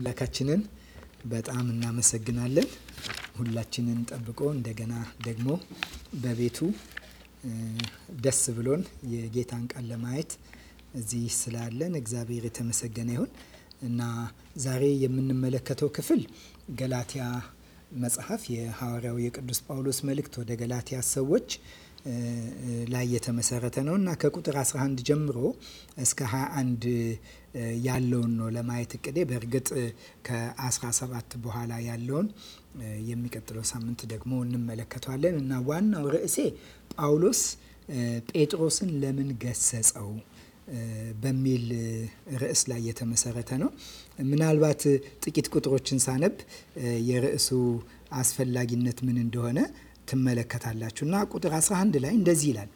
አምላካችንን በጣም እናመሰግናለን። ሁላችንን ጠብቆ እንደገና ደግሞ በቤቱ ደስ ብሎን የጌታን ቃል ለማየት እዚህ ስላለን እግዚአብሔር የተመሰገነ ይሁን እና ዛሬ የምንመለከተው ክፍል ገላትያ መጽሐፍ የሐዋርያው የቅዱስ ጳውሎስ መልእክት ወደ ገላትያ ሰዎች ላይ የተመሰረተ ነው እና ከቁጥር 11 ጀምሮ እስከ 21 ያለውን ነው ለማየት እቅዴ። በእርግጥ ከ17 በኋላ ያለውን የሚቀጥለው ሳምንት ደግሞ እንመለከተዋለን እና ዋናው ርዕሴ ጳውሎስ ጴጥሮስን ለምን ገሰጸው በሚል ርዕስ ላይ የተመሰረተ ነው። ምናልባት ጥቂት ቁጥሮችን ሳነብ የርዕሱ አስፈላጊነት ምን እንደሆነ ትመለከታላችሁ እና ቁጥር 11 ላይ እንደዚህ ይላል።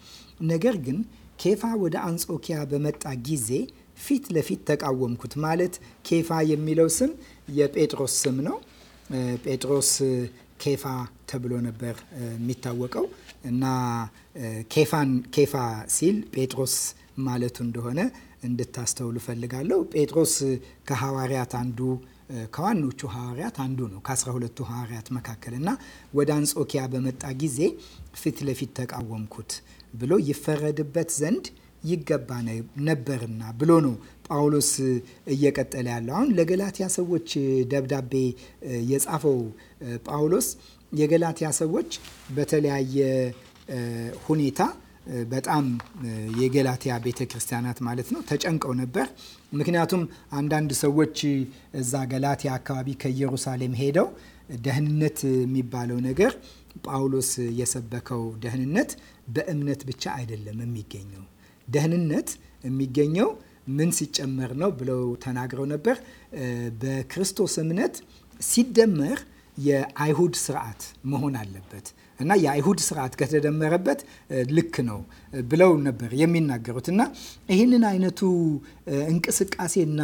ነገር ግን ኬፋ ወደ አንጾኪያ በመጣ ጊዜ ፊት ለፊት ተቃወምኩት። ማለት ኬፋ የሚለው ስም የጴጥሮስ ስም ነው። ጴጥሮስ ኬፋ ተብሎ ነበር የሚታወቀው እና ኬፋን ኬፋ ሲል ጴጥሮስ ማለቱ እንደሆነ እንድታስተውሉ ፈልጋለሁ። ጴጥሮስ ከሐዋርያት አንዱ ከዋኖቹ ሐዋርያት አንዱ ነው ከአስራ ሁለቱ ሐዋርያት መካከል እና ወደ አንጾኪያ በመጣ ጊዜ ፊት ለፊት ተቃወምኩት ብሎ ይፈረድበት ዘንድ ይገባ ነበርና ብሎ ነው ጳውሎስ እየቀጠለ ያለው። አሁን ለገላትያ ሰዎች ደብዳቤ የጻፈው ጳውሎስ የገላትያ ሰዎች በተለያየ ሁኔታ በጣም የገላትያ ቤተ ክርስቲያናት ማለት ነው ተጨንቀው ነበር። ምክንያቱም አንዳንድ ሰዎች እዛ ገላቲያ አካባቢ ከኢየሩሳሌም ሄደው ደህንነት የሚባለው ነገር ጳውሎስ የሰበከው ደህንነት በእምነት ብቻ አይደለም የሚገኘው። ደህንነት የሚገኘው ምን ሲጨመር ነው ብለው ተናግረው ነበር። በክርስቶስ እምነት ሲደመር የአይሁድ ስርዓት መሆን አለበት እና የአይሁድ ስርዓት ከተደመረበት ልክ ነው ብለው ነበር የሚናገሩት እና ይህንን አይነቱ እንቅስቃሴና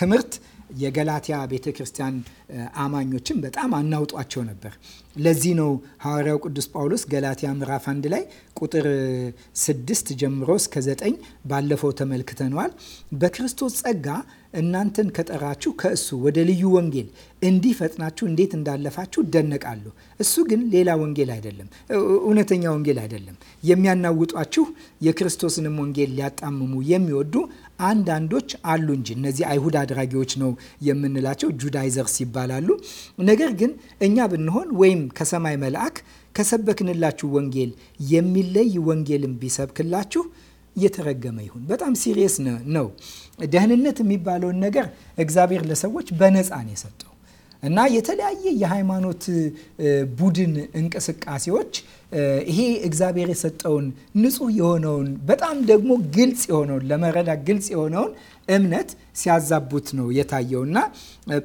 ትምህርት የገላትያ ቤተ ክርስቲያን አማኞችን በጣም አናውጧቸው ነበር። ለዚህ ነው ሐዋርያው ቅዱስ ጳውሎስ ገላትያ ምዕራፍ አንድ ላይ ቁጥር ስድስት ጀምሮ እስከ ዘጠኝ ባለፈው ተመልክተነዋል። በክርስቶስ ጸጋ እናንተን ከጠራችሁ ከእሱ ወደ ልዩ ወንጌል እንዲህ ፈጥናችሁ እንዴት እንዳለፋችሁ እደነቃለሁ። እሱ ግን ሌላ ወንጌል አይደለም፣ እውነተኛ ወንጌል አይደለም። የሚያናውጧችሁ የክርስቶስንም ወንጌል ሊያጣምሙ የሚወዱ አንዳንዶች አሉ እንጂ እነዚህ አይሁድ አድራጊዎች ነው የምንላቸው ጁዳይዘርስ ይባላሉ። ነገር ግን እኛ ብንሆን ወይም ከሰማይ መልአክ ከሰበክንላችሁ ወንጌል የሚለይ ወንጌልን ቢሰብክላችሁ እየተረገመ ይሁን። በጣም ሲሪየስ ነው። ደህንነት የሚባለውን ነገር እግዚአብሔር ለሰዎች በነፃ ነው የሰጠው እና የተለያየ የሃይማኖት ቡድን እንቅስቃሴዎች ይሄ እግዚአብሔር የሰጠውን ንጹህ የሆነውን በጣም ደግሞ ግልጽ የሆነውን ለመረዳት ግልጽ የሆነውን እምነት ሲያዛቡት ነው የታየውና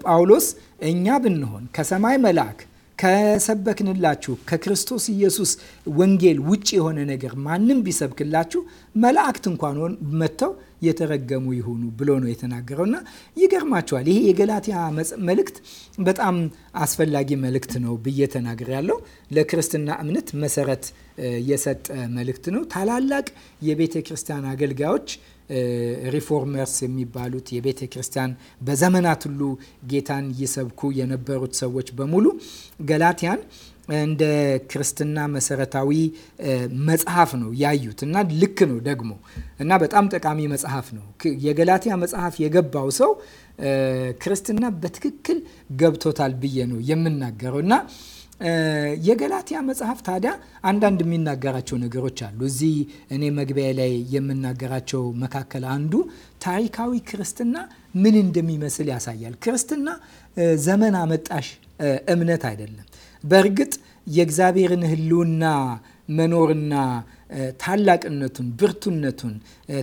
ጳውሎስ እኛ ብንሆን ከሰማይ መልአክ ከሰበክንላችሁ ከክርስቶስ ኢየሱስ ወንጌል ውጭ የሆነ ነገር ማንም ቢሰብክላችሁ መላእክት እንኳን መጥተው የተረገሙ ይሁኑ ብሎ ነው የተናገረው። እና ይገርማችኋል። ይሄ የገላትያ መልእክት በጣም አስፈላጊ መልእክት ነው ብዬ ተናግር ያለው ለክርስትና እምነት መሰረት የሰጠ መልእክት ነው። ታላላቅ የቤተ ክርስቲያን አገልጋዮች ሪፎርመርስ የሚባሉት የቤተ ክርስቲያን በዘመናት ሁሉ ጌታን ይሰብኩ የነበሩት ሰዎች በሙሉ ገላትያን እንደ ክርስትና መሰረታዊ መጽሐፍ ነው ያዩት እና ልክ ነው ደግሞ እና በጣም ጠቃሚ መጽሐፍ ነው። የገላትያ መጽሐፍ የገባው ሰው ክርስትና በትክክል ገብቶታል ብዬ ነው የምናገረው እና የገላትያ መጽሐፍ ታዲያ አንዳንድ የሚናገራቸው ነገሮች አሉ። እዚህ እኔ መግቢያ ላይ የምናገራቸው መካከል አንዱ ታሪካዊ ክርስትና ምን እንደሚመስል ያሳያል። ክርስትና ዘመን አመጣሽ እምነት አይደለም። በእርግጥ የእግዚአብሔርን ሕልውና መኖርና ታላቅነቱን፣ ብርቱነቱን፣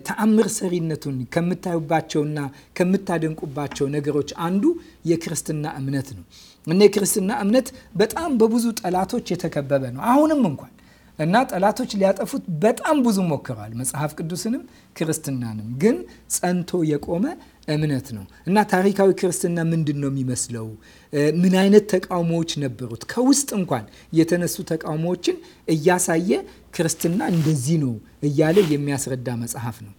ተአምር ሰሪነቱን ከምታዩባቸውና ከምታደንቁባቸው ነገሮች አንዱ የክርስትና እምነት ነው። እና የክርስትና እምነት በጣም በብዙ ጠላቶች የተከበበ ነው አሁንም እንኳን እና ጠላቶች ሊያጠፉት በጣም ብዙ ሞክረዋል። መጽሐፍ ቅዱስንም ክርስትናንም ግን ጸንቶ የቆመ እምነት ነው እና ታሪካዊ ክርስትና ምንድን ነው የሚመስለው? ምን አይነት ተቃውሞዎች ነበሩት? ከውስጥ እንኳን የተነሱ ተቃውሞዎችን እያሳየ ክርስትና እንደዚህ ነው እያለ የሚያስረዳ መጽሐፍ ነው።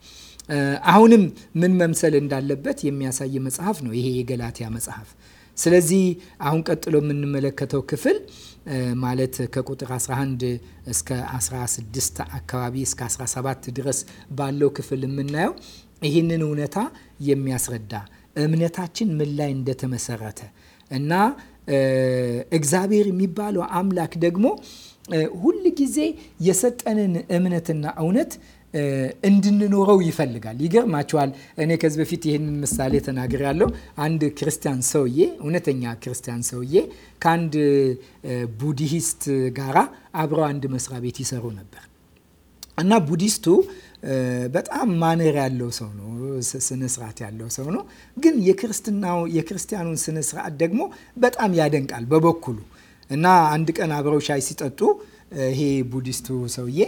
አሁንም ምን መምሰል እንዳለበት የሚያሳይ መጽሐፍ ነው ይሄ የገላትያ መጽሐፍ ስለዚህ አሁን ቀጥሎ የምንመለከተው ክፍል ማለት ከቁጥር 11 እስከ 16 አካባቢ እስከ 17 ድረስ ባለው ክፍል የምናየው ይህንን እውነታ የሚያስረዳ እምነታችን ምን ላይ እንደተመሰረተ እና እግዚአብሔር የሚባለው አምላክ ደግሞ ሁል ጊዜ የሰጠንን እምነትና እውነት እንድንኖረው ይፈልጋል። ይገርማቸዋል እኔ ከዚህ በፊት ይህንን ምሳሌ ያለው አንድ ክርስቲያን ሰውዬ እውነተኛ ክርስቲያን ሰውዬ ከአንድ ቡዲሂስት ጋራ አብረው አንድ መስሪያ ቤት ይሰሩ ነበር እና ቡዲስቱ በጣም ማነር ያለው ሰው ነው። ስነ ስርዓት ያለው ሰው ነው። ግን የክርስትናው የክርስቲያኑን ስነ ስርዓት ደግሞ በጣም ያደንቃል በበኩሉ እና አንድ ቀን አብረው ሻይ ሲጠጡ ይሄ ቡዲስቱ ሰውዬ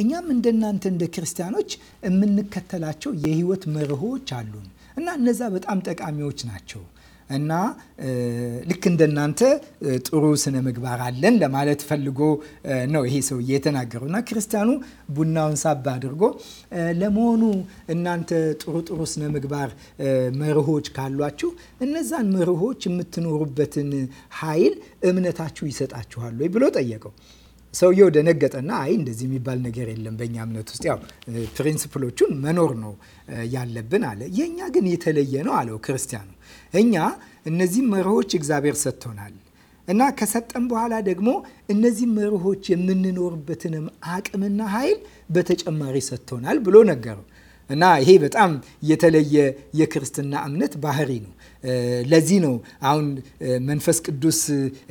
እኛም እንደናንተ እንደ ክርስቲያኖች የምንከተላቸው የህይወት መርሆች አሉን እና እነዛ በጣም ጠቃሚዎች ናቸው እና ልክ እንደናንተ ጥሩ ስነ ምግባር አለን ለማለት ፈልጎ ነው ይሄ ሰው የተናገረው። እና ክርስቲያኑ ቡናውን ሳብ አድርጎ ለመሆኑ እናንተ ጥሩ ጥሩ ስነ ምግባር መርሆች ካሏችሁ እነዛን መርሆች የምትኖሩበትን ኃይል እምነታችሁ ይሰጣችኋል ወይ ብሎ ጠየቀው። ሰውየው ደነገጠና አይ እንደዚህ የሚባል ነገር የለም በእኛ እምነት ውስጥ ያው ፕሪንስፕሎቹን መኖር ነው ያለብን አለ። የእኛ ግን የተለየ ነው አለው ክርስቲያኑ። እኛ እነዚህ መርሆች እግዚአብሔር ሰጥቶናል እና ከሰጠን በኋላ ደግሞ እነዚህ መርሆች የምንኖርበትንም አቅምና ኃይል በተጨማሪ ሰጥቶናል ብሎ ነገረው። እና ይሄ በጣም የተለየ የክርስትና እምነት ባህሪ ነው። ለዚህ ነው አሁን መንፈስ ቅዱስ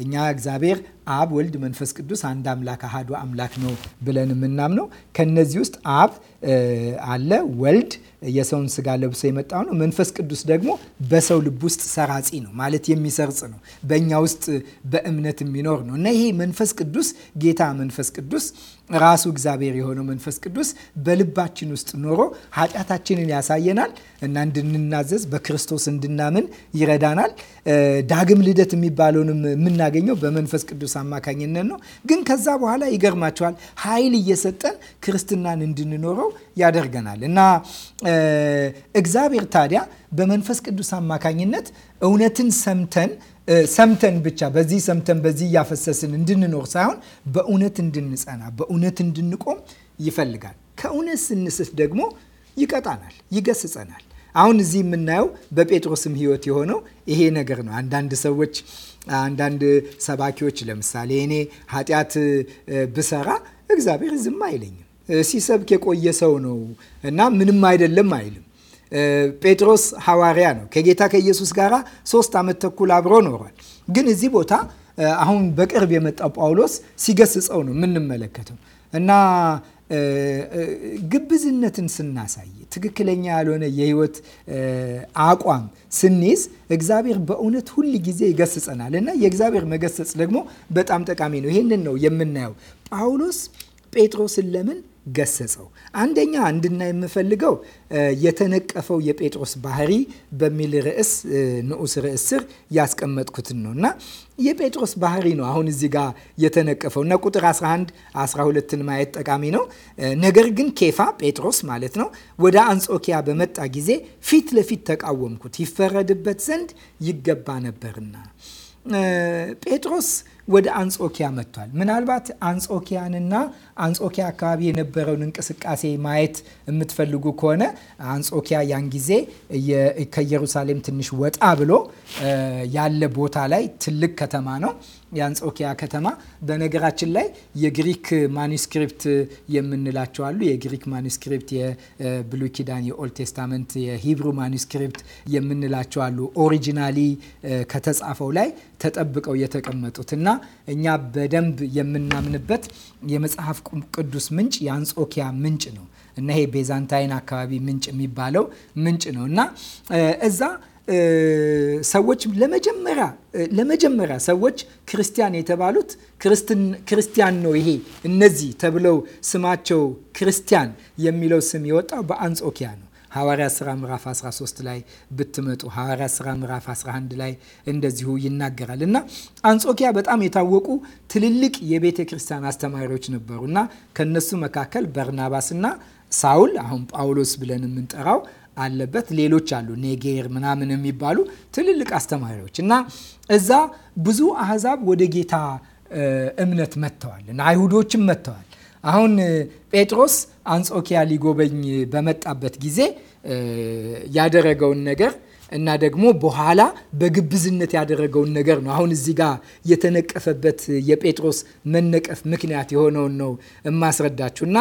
እኛ እግዚአብሔር አብ፣ ወልድ፣ መንፈስ ቅዱስ አንድ አምላክ አሃዱ አምላክ ነው ብለን የምናምነው። ከነዚህ ውስጥ አብ አለ። ወልድ የሰውን ስጋ ለብሶ የመጣው ነው። መንፈስ ቅዱስ ደግሞ በሰው ልብ ውስጥ ሰራጺ ነው፣ ማለት የሚሰርጽ ነው። በእኛ ውስጥ በእምነት የሚኖር ነው እና ይሄ መንፈስ ቅዱስ ጌታ መንፈስ ቅዱስ ራሱ እግዚአብሔር የሆነው መንፈስ ቅዱስ በልባችን ውስጥ ኖሮ ኃጢአታችንን ያሳየናል እና እንድንናዘዝ በክርስቶስ እንድናምን ይረዳናል። ዳግም ልደት የሚባለውንም የምናገኘው በመንፈስ ቅዱስ አማካኝነት ነው። ግን ከዛ በኋላ ይገርማቸዋል ኃይል እየሰጠን ክርስትናን እንድንኖረው ያደርገናል እና እግዚአብሔር ታዲያ በመንፈስ ቅዱስ አማካኝነት እውነትን ሰምተን ሰምተን ብቻ በዚህ ሰምተን በዚህ እያፈሰስን እንድንኖር ሳይሆን በእውነት እንድንጸና በእውነት እንድንቆም ይፈልጋል። ከእውነት ስንስት ደግሞ ይቀጣናል፣ ይገስጸናል። አሁን እዚህ የምናየው በጴጥሮስም ሕይወት የሆነው ይሄ ነገር ነው። አንዳንድ ሰዎች አንዳንድ ሰባኪዎች ለምሳሌ እኔ ኃጢአት ብሰራ እግዚአብሔር ዝም አይለኝም ሲሰብክ የቆየ ሰው ነው እና ምንም አይደለም አይልም። ጴጥሮስ ሐዋርያ ነው። ከጌታ ከኢየሱስ ጋር ሶስት ዓመት ተኩል አብሮ ኖሯል። ግን እዚህ ቦታ አሁን በቅርብ የመጣው ጳውሎስ ሲገስጸው ነው የምንመለከተው እና ግብዝነትን ስናሳይ ትክክለኛ ያልሆነ የህይወት አቋም ስንይዝ እግዚአብሔር በእውነት ሁል ጊዜ ይገስጸናል እና የእግዚአብሔር መገሰጽ ደግሞ በጣም ጠቃሚ ነው። ይህንን ነው የምናየው ጳውሎስ ጴጥሮስን ለምን ገሰጸው። አንደኛ እንድና የምፈልገው የተነቀፈው የጴጥሮስ ባህሪ በሚል ርዕስ ንዑስ ርዕስ ስር ያስቀመጥኩትን ነው እና የጴጥሮስ ባህሪ ነው አሁን እዚህ ጋር የተነቀፈው እና ቁጥር 11 12ን ማየት ጠቃሚ ነው። ነገር ግን ኬፋ ጴጥሮስ ማለት ነው ወደ አንጾኪያ በመጣ ጊዜ ፊት ለፊት ተቃወምኩት፣ ይፈረድበት ዘንድ ይገባ ነበርና ጴጥሮስ ወደ አንጾኪያ መጥቷል። ምናልባት አንጾኪያንና አንጾኪያ አካባቢ የነበረውን እንቅስቃሴ ማየት የምትፈልጉ ከሆነ አንጾኪያ ያን ጊዜ ከኢየሩሳሌም ትንሽ ወጣ ብሎ ያለ ቦታ ላይ ትልቅ ከተማ ነው። የአንጾኪያ ከተማ በነገራችን ላይ የግሪክ ማኒስክሪፕት የምንላቸው አሉ። የግሪክ ማኒስክሪፕት፣ የብሉይ ኪዳን፣ የኦልድ ቴስታመንት፣ የሂብሩ ማኒስክሪፕት የምንላቸው አሉ። ኦሪጂናሊ ከተጻፈው ላይ ተጠብቀው የተቀመጡት እና እኛ በደንብ የምናምንበት የመጽሐፍ ቅዱስ ምንጭ የአንጾኪያ ምንጭ ነው እና ይሄ ቤዛንታይን አካባቢ ምንጭ የሚባለው ምንጭ ነው እና እዛ ሰዎች ለመጀመሪያ ለመጀመሪያ ሰዎች ክርስቲያን የተባሉት ክርስቲያን ነው ይሄ እነዚህ ተብለው ስማቸው ክርስቲያን የሚለው ስም የወጣው በአንጾኪያ ነው። ሐዋርያ ሥራ ምዕራፍ 13 ላይ ብትመጡ ሐዋርያ ሥራ ምዕራፍ 11 ላይ እንደዚሁ ይናገራል እና አንጾኪያ በጣም የታወቁ ትልልቅ የቤተ ክርስቲያን አስተማሪዎች ነበሩ እና ከነሱ መካከል በርናባስ ሳውል አሁን ጳውሎስ ብለን የምንጠራው አለበት። ሌሎች አሉ ኔጌር ምናምን የሚባሉ ትልልቅ አስተማሪዎች እና እዛ ብዙ አህዛብ ወደ ጌታ እምነት መጥተዋል እና አይሁዶችም መጥተዋል። አሁን ጴጥሮስ አንጾኪያ ሊጎበኝ በመጣበት ጊዜ ያደረገውን ነገር እና ደግሞ በኋላ በግብዝነት ያደረገውን ነገር ነው። አሁን እዚህ ጋር የተነቀፈበት የጴጥሮስ መነቀፍ ምክንያት የሆነውን ነው የማስረዳችሁ እና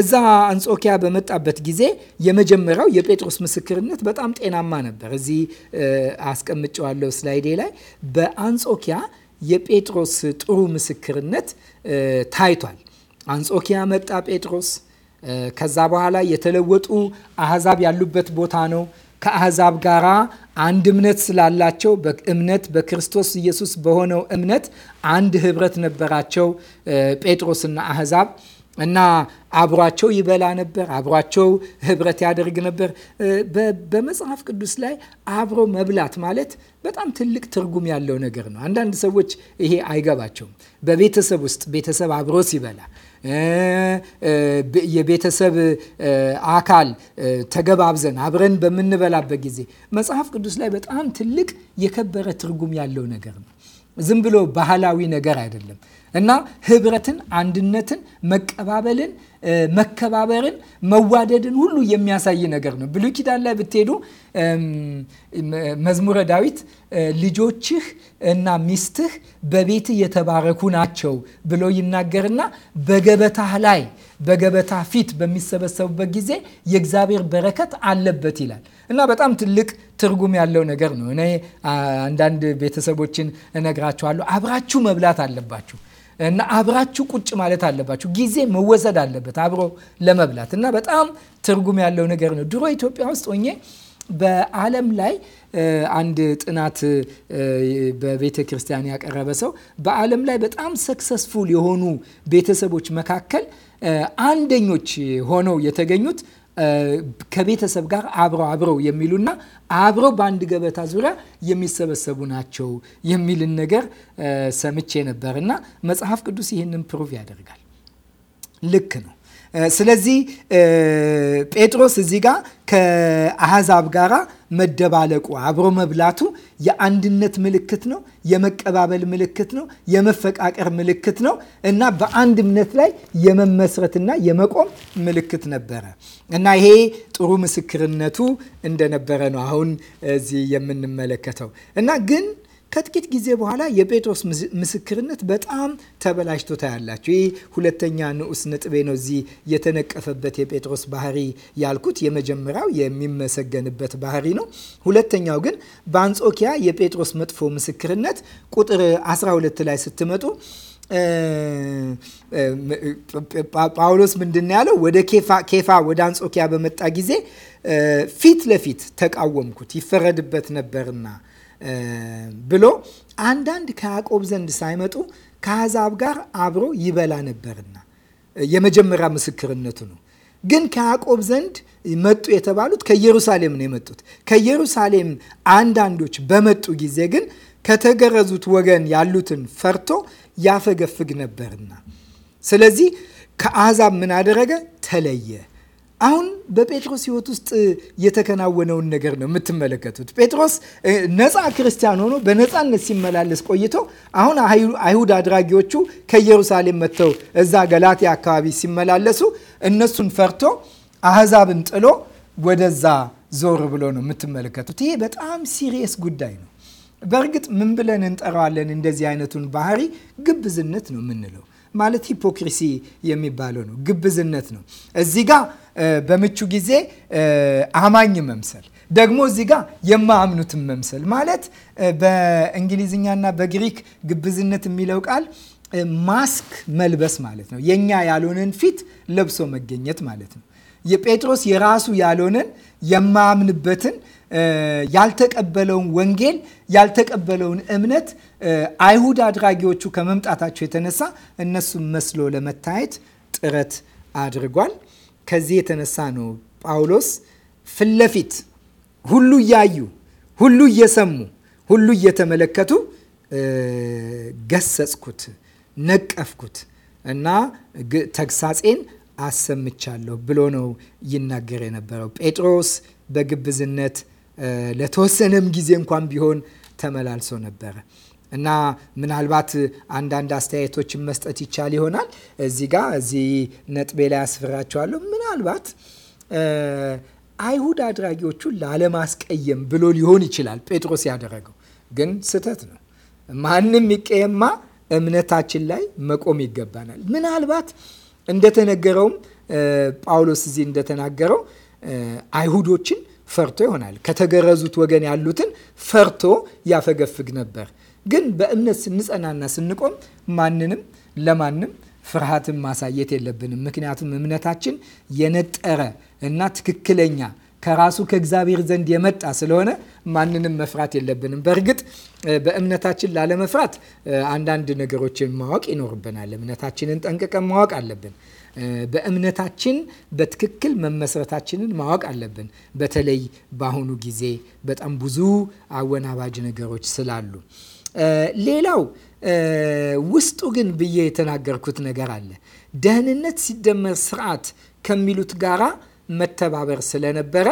እዛ አንጾኪያ በመጣበት ጊዜ የመጀመሪያው የጴጥሮስ ምስክርነት በጣም ጤናማ ነበር። እዚህ አስቀምጨዋለሁ ስላይዴ ላይ በአንጾኪያ የጴጥሮስ ጥሩ ምስክርነት ታይቷል። አንጾኪያ መጣ ጴጥሮስ። ከዛ በኋላ የተለወጡ አህዛብ ያሉበት ቦታ ነው። ከአሕዛብ ጋራ አንድ እምነት ስላላቸው እምነት በክርስቶስ ኢየሱስ በሆነው እምነት አንድ ህብረት ነበራቸው ጴጥሮስና አሕዛብ እና አብሯቸው ይበላ ነበር፣ አብሯቸው ህብረት ያደርግ ነበር። በመጽሐፍ ቅዱስ ላይ አብሮ መብላት ማለት በጣም ትልቅ ትርጉም ያለው ነገር ነው። አንዳንድ ሰዎች ይሄ አይገባቸውም። በቤተሰብ ውስጥ ቤተሰብ አብሮ ሲበላ የቤተሰብ አካል ተገባብዘን አብረን በምንበላበት ጊዜ መጽሐፍ ቅዱስ ላይ በጣም ትልቅ የከበረ ትርጉም ያለው ነገር ነው። ዝም ብሎ ባህላዊ ነገር አይደለም። እና ህብረትን፣ አንድነትን፣ መቀባበልን፣ መከባበርን፣ መዋደድን ሁሉ የሚያሳይ ነገር ነው። ብሉይ ኪዳን ላይ ብትሄዱ መዝሙረ ዳዊት ልጆችህ እና ሚስትህ በቤት የተባረኩ ናቸው ብሎ ይናገርና በገበታህ ላይ በገበታ ፊት በሚሰበሰቡበት ጊዜ የእግዚአብሔር በረከት አለበት ይላል እና በጣም ትልቅ ትርጉም ያለው ነገር ነው። እኔ አንዳንድ ቤተሰቦችን እነግራቸዋለሁ፣ አብራችሁ መብላት አለባችሁ እና አብራችሁ ቁጭ ማለት አለባችሁ። ጊዜ መወሰድ አለበት አብሮ ለመብላት እና በጣም ትርጉም ያለው ነገር ነው። ድሮ ኢትዮጵያ ውስጥ ሆኜ በዓለም ላይ አንድ ጥናት በቤተ ክርስቲያን ያቀረበ ሰው በዓለም ላይ በጣም ሰክሰስፉል የሆኑ ቤተሰቦች መካከል አንደኞች ሆነው የተገኙት ከቤተሰብ ጋር አብረው አብረው የሚሉና አብረው በአንድ ገበታ ዙሪያ የሚሰበሰቡ ናቸው የሚልን ነገር ሰምቼ ነበር እና መጽሐፍ ቅዱስ ይህንን ፕሩቭ ያደርጋል። ልክ ነው። ስለዚህ ጴጥሮስ እዚህ ጋር ከአህዛብ ጋር መደባለቁ አብሮ መብላቱ የአንድነት ምልክት ነው። የመቀባበል ምልክት ነው። የመፈቃቀር ምልክት ነው እና በአንድ እምነት ላይ የመመስረትና የመቆም ምልክት ነበረ እና ይሄ ጥሩ ምስክርነቱ እንደነበረ ነው አሁን እዚህ የምንመለከተው እና ግን ከጥቂት ጊዜ በኋላ የጴጥሮስ ምስክርነት በጣም ተበላሽቶ ታያላችሁ። ይህ ሁለተኛ ንዑስ ነጥቤ ነው። እዚህ የተነቀፈበት የጴጥሮስ ባህሪ ያልኩት የመጀመሪያው የሚመሰገንበት ባህሪ ነው። ሁለተኛው ግን በአንጾኪያ የጴጥሮስ መጥፎ ምስክርነት ቁጥር 12 ላይ ስትመጡ ጳውሎስ ምንድን ያለው? ወደ ኬፋ ወደ አንጾኪያ በመጣ ጊዜ ፊት ለፊት ተቃወምኩት ይፈረድበት ነበርና ብሎ አንዳንድ ከያዕቆብ ዘንድ ሳይመጡ ከአሕዛብ ጋር አብሮ ይበላ ነበርና የመጀመሪያ ምስክርነቱ ነው። ግን ከያዕቆብ ዘንድ መጡ የተባሉት ከኢየሩሳሌም ነው የመጡት። ከኢየሩሳሌም አንዳንዶች በመጡ ጊዜ ግን ከተገረዙት ወገን ያሉትን ፈርቶ ያፈገፍግ ነበርና፣ ስለዚህ ከአሕዛብ ምን አደረገ? ተለየ። አሁን በጴጥሮስ ህይወት ውስጥ የተከናወነውን ነገር ነው የምትመለከቱት። ጴጥሮስ ነፃ ክርስቲያን ሆኖ በነፃነት ሲመላለስ ቆይቶ አሁን አይሁድ አድራጊዎቹ ከኢየሩሳሌም መጥተው እዛ ገላትያ አካባቢ ሲመላለሱ እነሱን ፈርቶ አህዛብን ጥሎ ወደዛ ዞር ብሎ ነው የምትመለከቱት። ይሄ በጣም ሲሪየስ ጉዳይ ነው። በእርግጥ ምን ብለን እንጠራዋለን? እንደዚህ አይነቱን ባህሪ ግብዝነት ነው የምንለው ማለት ሂፖክሪሲ የሚባለው ነው። ግብዝነት ነው። እዚህ ጋር በምቹ ጊዜ አማኝ መምሰል ደግሞ እዚህ ጋር የማያምኑትን መምሰል ማለት በእንግሊዝኛና በግሪክ ግብዝነት የሚለው ቃል ማስክ መልበስ ማለት ነው። የእኛ ያልሆነን ፊት ለብሶ መገኘት ማለት ነው። የጴጥሮስ የራሱ ያልሆነን የማያምንበትን ያልተቀበለውን ወንጌል ያልተቀበለውን እምነት አይሁድ አድራጊዎቹ ከመምጣታቸው የተነሳ እነሱን መስሎ ለመታየት ጥረት አድርጓል። ከዚህ የተነሳ ነው ጳውሎስ ፊት ለፊት ሁሉ እያዩ ሁሉ እየሰሙ ሁሉ እየተመለከቱ ገሰጽኩት፣ ነቀፍኩት እና ተግሳጼን አሰምቻለሁ ብሎ ነው ይናገር የነበረው። ጴጥሮስ በግብዝነት ለተወሰነም ጊዜ እንኳን ቢሆን ተመላልሶ ነበረ። እና ምናልባት አንዳንድ አስተያየቶችን መስጠት ይቻል ይሆናል። እዚህ ጋር እዚህ ነጥቤ ላይ አስፍራቸዋለሁ። ምናልባት አይሁድ አድራጊዎቹን ላለማስቀየም ብሎ ሊሆን ይችላል ጴጥሮስ ያደረገው፣ ግን ስህተት ነው። ማንም ይቀየማ እምነታችን ላይ መቆም ይገባናል። ምናልባት እንደተነገረውም ጳውሎስ እዚህ እንደተናገረው አይሁዶችን ፈርቶ ይሆናል። ከተገረዙት ወገን ያሉትን ፈርቶ ያፈገፍግ ነበር። ግን በእምነት ስንጸናና ስንቆም ማንንም ለማንም ፍርሃትን ማሳየት የለብንም። ምክንያቱም እምነታችን የነጠረ እና ትክክለኛ ከራሱ ከእግዚአብሔር ዘንድ የመጣ ስለሆነ ማንንም መፍራት የለብንም። በእርግጥ በእምነታችን ላለመፍራት አንዳንድ ነገሮችን ማወቅ ይኖርብናል። እምነታችንን ጠንቅቀን ማወቅ አለብን። በእምነታችን በትክክል መመስረታችንን ማወቅ አለብን። በተለይ በአሁኑ ጊዜ በጣም ብዙ አወናባጅ ነገሮች ስላሉ ሌላው ውስጡ ግን ብዬ የተናገርኩት ነገር አለ። ደህንነት ሲደመር ስርዓት ከሚሉት ጋራ መተባበር ስለነበረ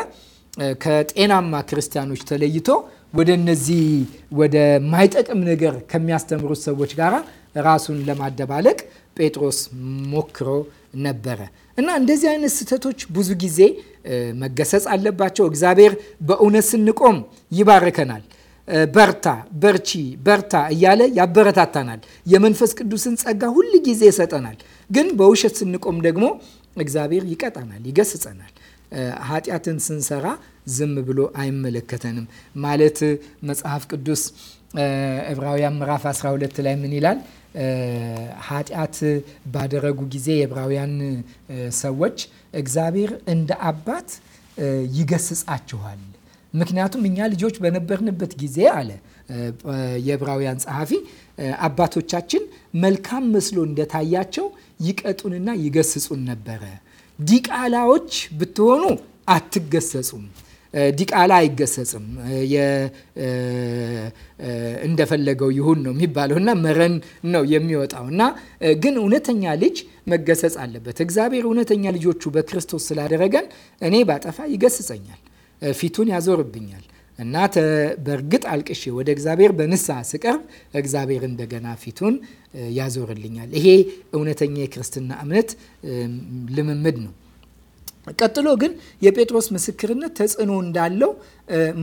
ከጤናማ ክርስቲያኖች ተለይቶ ወደ እነዚህ ወደ ማይጠቅም ነገር ከሚያስተምሩት ሰዎች ጋራ ራሱን ለማደባለቅ ጴጥሮስ ሞክሮ ነበረ እና እንደዚህ አይነት ስህተቶች ብዙ ጊዜ መገሰጽ አለባቸው። እግዚአብሔር በእውነት ስንቆም ይባርከናል። በርታ፣ በርቺ፣ በርታ እያለ ያበረታታናል። የመንፈስ ቅዱስን ጸጋ ሁል ጊዜ ይሰጠናል። ግን በውሸት ስንቆም ደግሞ እግዚአብሔር ይቀጣናል፣ ይገስጸናል። ኃጢአትን ስንሰራ ዝም ብሎ አይመለከተንም። ማለት መጽሐፍ ቅዱስ ዕብራውያን ምዕራፍ 12 ላይ ምን ይላል? ኃጢአት ባደረጉ ጊዜ የዕብራውያን ሰዎች እግዚአብሔር እንደ አባት ይገስጻችኋል ምክንያቱም እኛ ልጆች በነበርንበት ጊዜ አለ የዕብራውያን ጸሐፊ፣ አባቶቻችን መልካም መስሎ እንደታያቸው ይቀጡንና ይገስጹን ነበረ። ዲቃላዎች ብትሆኑ አትገሰጹም። ዲቃላ አይገሰጽም። እንደፈለገው ይሁን ነው የሚባለው እና መረን ነው የሚወጣው እና ግን እውነተኛ ልጅ መገሰጽ አለበት። እግዚአብሔር እውነተኛ ልጆቹ በክርስቶስ ስላደረገን እኔ ባጠፋ ይገስጸኛል ፊቱን ያዞርብኛል እና በእርግጥ አልቅሼ ወደ እግዚአብሔር በንስሐ ስቀርብ እግዚአብሔር እንደገና ፊቱን ያዞርልኛል። ይሄ እውነተኛ የክርስትና እምነት ልምምድ ነው። ቀጥሎ ግን የጴጥሮስ ምስክርነት ተጽዕኖ እንዳለው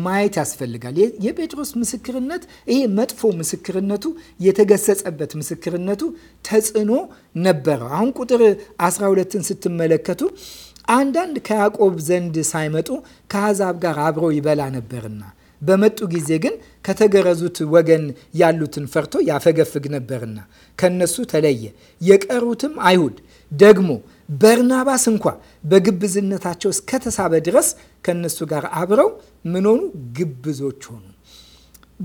ማየት ያስፈልጋል። የጴጥሮስ ምስክርነት ይሄ መጥፎ ምስክርነቱ የተገሰጸበት ምስክርነቱ ተጽዕኖ ነበረው። አሁን ቁጥር 12ን ስትመለከቱ አንዳንድ ከያዕቆብ ዘንድ ሳይመጡ ከአሕዛብ ጋር አብሮ ይበላ ነበርና በመጡ ጊዜ ግን ከተገረዙት ወገን ያሉትን ፈርቶ ያፈገፍግ ነበርና ከነሱ ተለየ። የቀሩትም አይሁድ ደግሞ በርናባስ እንኳ በግብዝነታቸው እስከተሳበ ድረስ ከነሱ ጋር አብረው ምን ሆኑ? ግብዞች ሆኑ።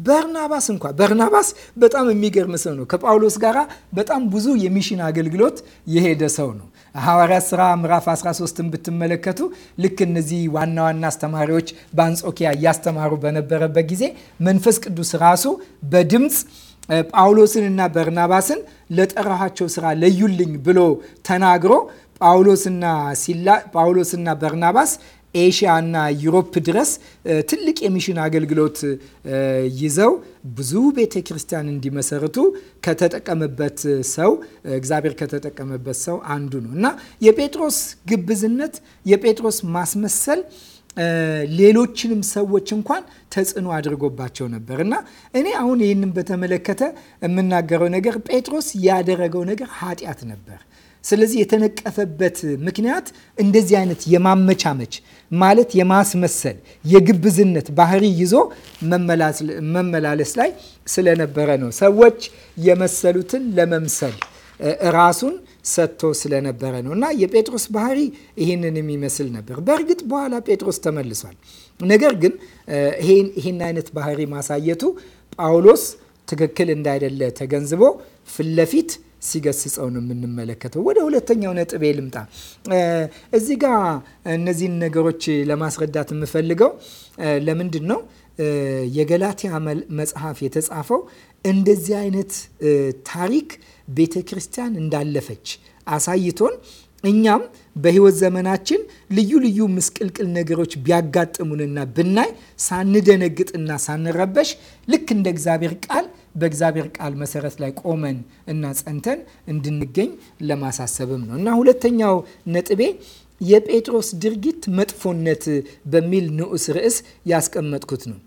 በርናባስ እንኳ በርናባስ በጣም የሚገርም ሰው ነው። ከጳውሎስ ጋር በጣም ብዙ የሚሽን አገልግሎት የሄደ ሰው ነው። ሐዋርያ ሥራ ምዕራፍ 13ን ብትመለከቱ ልክ እነዚህ ዋና ዋና አስተማሪዎች በአንጾኪያ እያስተማሩ በነበረበት ጊዜ መንፈስ ቅዱስ ራሱ በድምፅ ጳውሎስንና በርናባስን ለጠራኋቸው ስራ ለዩልኝ ብሎ ተናግሮ ጳውሎስና በርናባስ ኤሽያ እና ዩሮፕ ድረስ ትልቅ የሚሽን አገልግሎት ይዘው ብዙ ቤተ ክርስቲያን እንዲመሰርቱ ከተጠቀመበት ሰው እግዚአብሔር ከተጠቀመበት ሰው አንዱ ነው እና የጴጥሮስ ግብዝነት የጴጥሮስ ማስመሰል ሌሎችንም ሰዎች እንኳን ተጽዕኖ አድርጎባቸው ነበር እና እኔ አሁን ይህንም በተመለከተ የምናገረው ነገር ጴጥሮስ ያደረገው ነገር ኃጢአት ነበር ስለዚህ የተነቀፈበት ምክንያት እንደዚህ አይነት የማመቻመች ማለት የማስመሰል የግብዝነት ባህሪ ይዞ መመላለስ ላይ ስለነበረ ነው። ሰዎች የመሰሉትን ለመምሰል ራሱን ሰጥቶ ስለነበረ ነው እና የጴጥሮስ ባህሪ ይህንን የሚመስል ነበር። በእርግጥ በኋላ ጴጥሮስ ተመልሷል። ነገር ግን ይህን አይነት ባህሪ ማሳየቱ ጳውሎስ ትክክል እንዳይደለ ተገንዝቦ ፊት ለፊት ሲገስጸው ነው የምንመለከተው። ወደ ሁለተኛው ነጥቤ ልምጣ። እዚ ጋ እነዚህን ነገሮች ለማስረዳት የምፈልገው ለምንድን ነው የገላትያ መጽሐፍ የተጻፈው እንደዚህ አይነት ታሪክ ቤተ ክርስቲያን እንዳለፈች አሳይቶን እኛም በህይወት ዘመናችን ልዩ ልዩ ምስቅልቅል ነገሮች ቢያጋጥሙንና ብናይ ሳንደነግጥና ሳንረበሽ ልክ እንደ እግዚአብሔር ቃል በእግዚአብሔር ቃል መሰረት ላይ ቆመን እና ጸንተን እንድንገኝ ለማሳሰብም ነው እና ሁለተኛው ነጥቤ የጴጥሮስ ድርጊት መጥፎነት በሚል ንዑስ ርዕስ ያስቀመጥኩት ነው።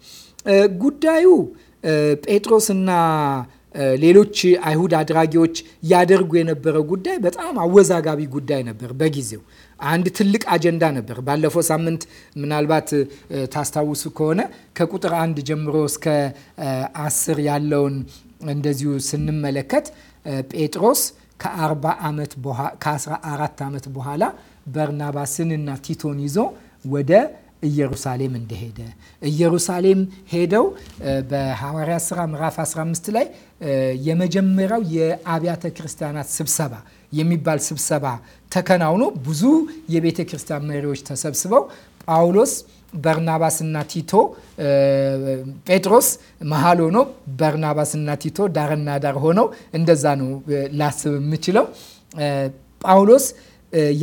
ጉዳዩ ጴጥሮስና ሌሎች አይሁድ አድራጊዎች ያደርጉ የነበረው ጉዳይ በጣም አወዛጋቢ ጉዳይ ነበር። በጊዜው አንድ ትልቅ አጀንዳ ነበር። ባለፈው ሳምንት ምናልባት ታስታውሱ ከሆነ ከቁጥር አንድ ጀምሮ እስከ አስር ያለውን እንደዚሁ ስንመለከት ጴጥሮስ ከ14 ዓመት በኋላ በርናባስንና ቲቶን ይዞ ወደ ኢየሩሳሌም እንደሄደ ኢየሩሳሌም ሄደው በሐዋርያ ሥራ ምዕራፍ 15 ላይ የመጀመሪያው የአብያተ ክርስቲያናት ስብሰባ የሚባል ስብሰባ ተከናውኖ ብዙ የቤተ ክርስቲያን መሪዎች ተሰብስበው ጳውሎስ በርናባስና ቲቶ ጴጥሮስ መሀል ሆኖ በርናባስና ቲቶ ዳርና ዳር ሆነው እንደዛ ነው ላስብ የምችለው። ጳውሎስ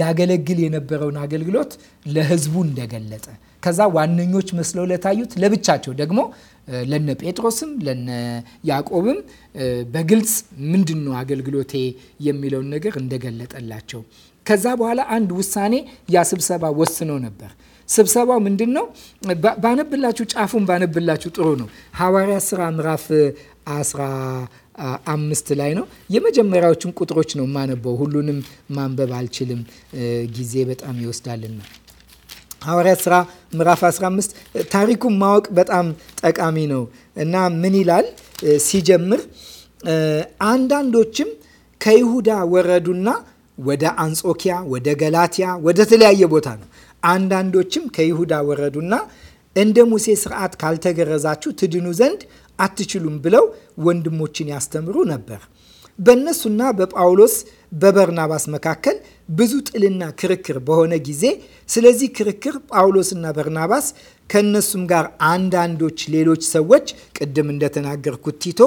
ያገለግል የነበረውን አገልግሎት ለሕዝቡ እንደገለጠ ከዛ ዋነኞች መስለው ለታዩት ለብቻቸው ደግሞ ለነ ጴጥሮስም ለነ ያዕቆብም በግልጽ ምንድን ነው አገልግሎቴ የሚለውን ነገር እንደገለጠላቸው ከዛ በኋላ አንድ ውሳኔ ያ ስብሰባ ወስኖ ነበር። ስብሰባው ምንድን ነው? ባነብላችሁ ጫፉን ባነብላችሁ ጥሩ ነው። ሐዋርያ ስራ ምዕራፍ አስራ አምስት ላይ ነው። የመጀመሪያዎቹን ቁጥሮች ነው የማነበው። ሁሉንም ማንበብ አልችልም፣ ጊዜ በጣም ይወስዳልና ሐዋርያት ሥራ ምዕራፍ 15 ታሪኩን ማወቅ በጣም ጠቃሚ ነው እና ምን ይላል ሲጀምር አንዳንዶችም ከይሁዳ ወረዱና ወደ አንጾኪያ፣ ወደ ገላትያ፣ ወደ ተለያየ ቦታ ነው። አንዳንዶችም ከይሁዳ ወረዱና እንደ ሙሴ ስርዓት ካልተገረዛችሁ ትድኑ ዘንድ አትችሉም ብለው ወንድሞችን ያስተምሩ ነበር። በእነሱና በጳውሎስ በበርናባስ መካከል ብዙ ጥልና ክርክር በሆነ ጊዜ ስለዚህ ክርክር ጳውሎስና በርናባስ ከእነሱም ጋር አንዳንዶች ሌሎች ሰዎች ቅድም እንደተናገርኩት ቲቶ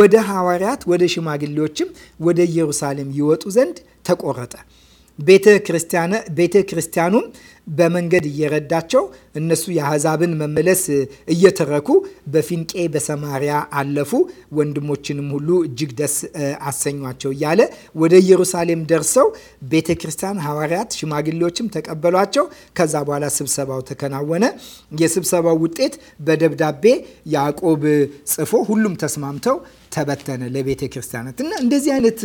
ወደ ሐዋርያት ወደ ሽማግሌዎችም ወደ ኢየሩሳሌም ይወጡ ዘንድ ተቆረጠ። ቤተ ክርስቲያኑም በመንገድ እየረዳቸው እነሱ የአሕዛብን መመለስ እየተረኩ በፊንቄ በሰማሪያ አለፉ። ወንድሞችንም ሁሉ እጅግ ደስ አሰኟቸው እያለ ወደ ኢየሩሳሌም ደርሰው ቤተ ክርስቲያን ሐዋርያት፣ ሽማግሌዎችም ተቀበሏቸው። ከዛ በኋላ ስብሰባው ተከናወነ። የስብሰባው ውጤት በደብዳቤ ያዕቆብ ጽፎ ሁሉም ተስማምተው ተበተነ ለቤተ ክርስቲያናት እና እንደዚህ አይነት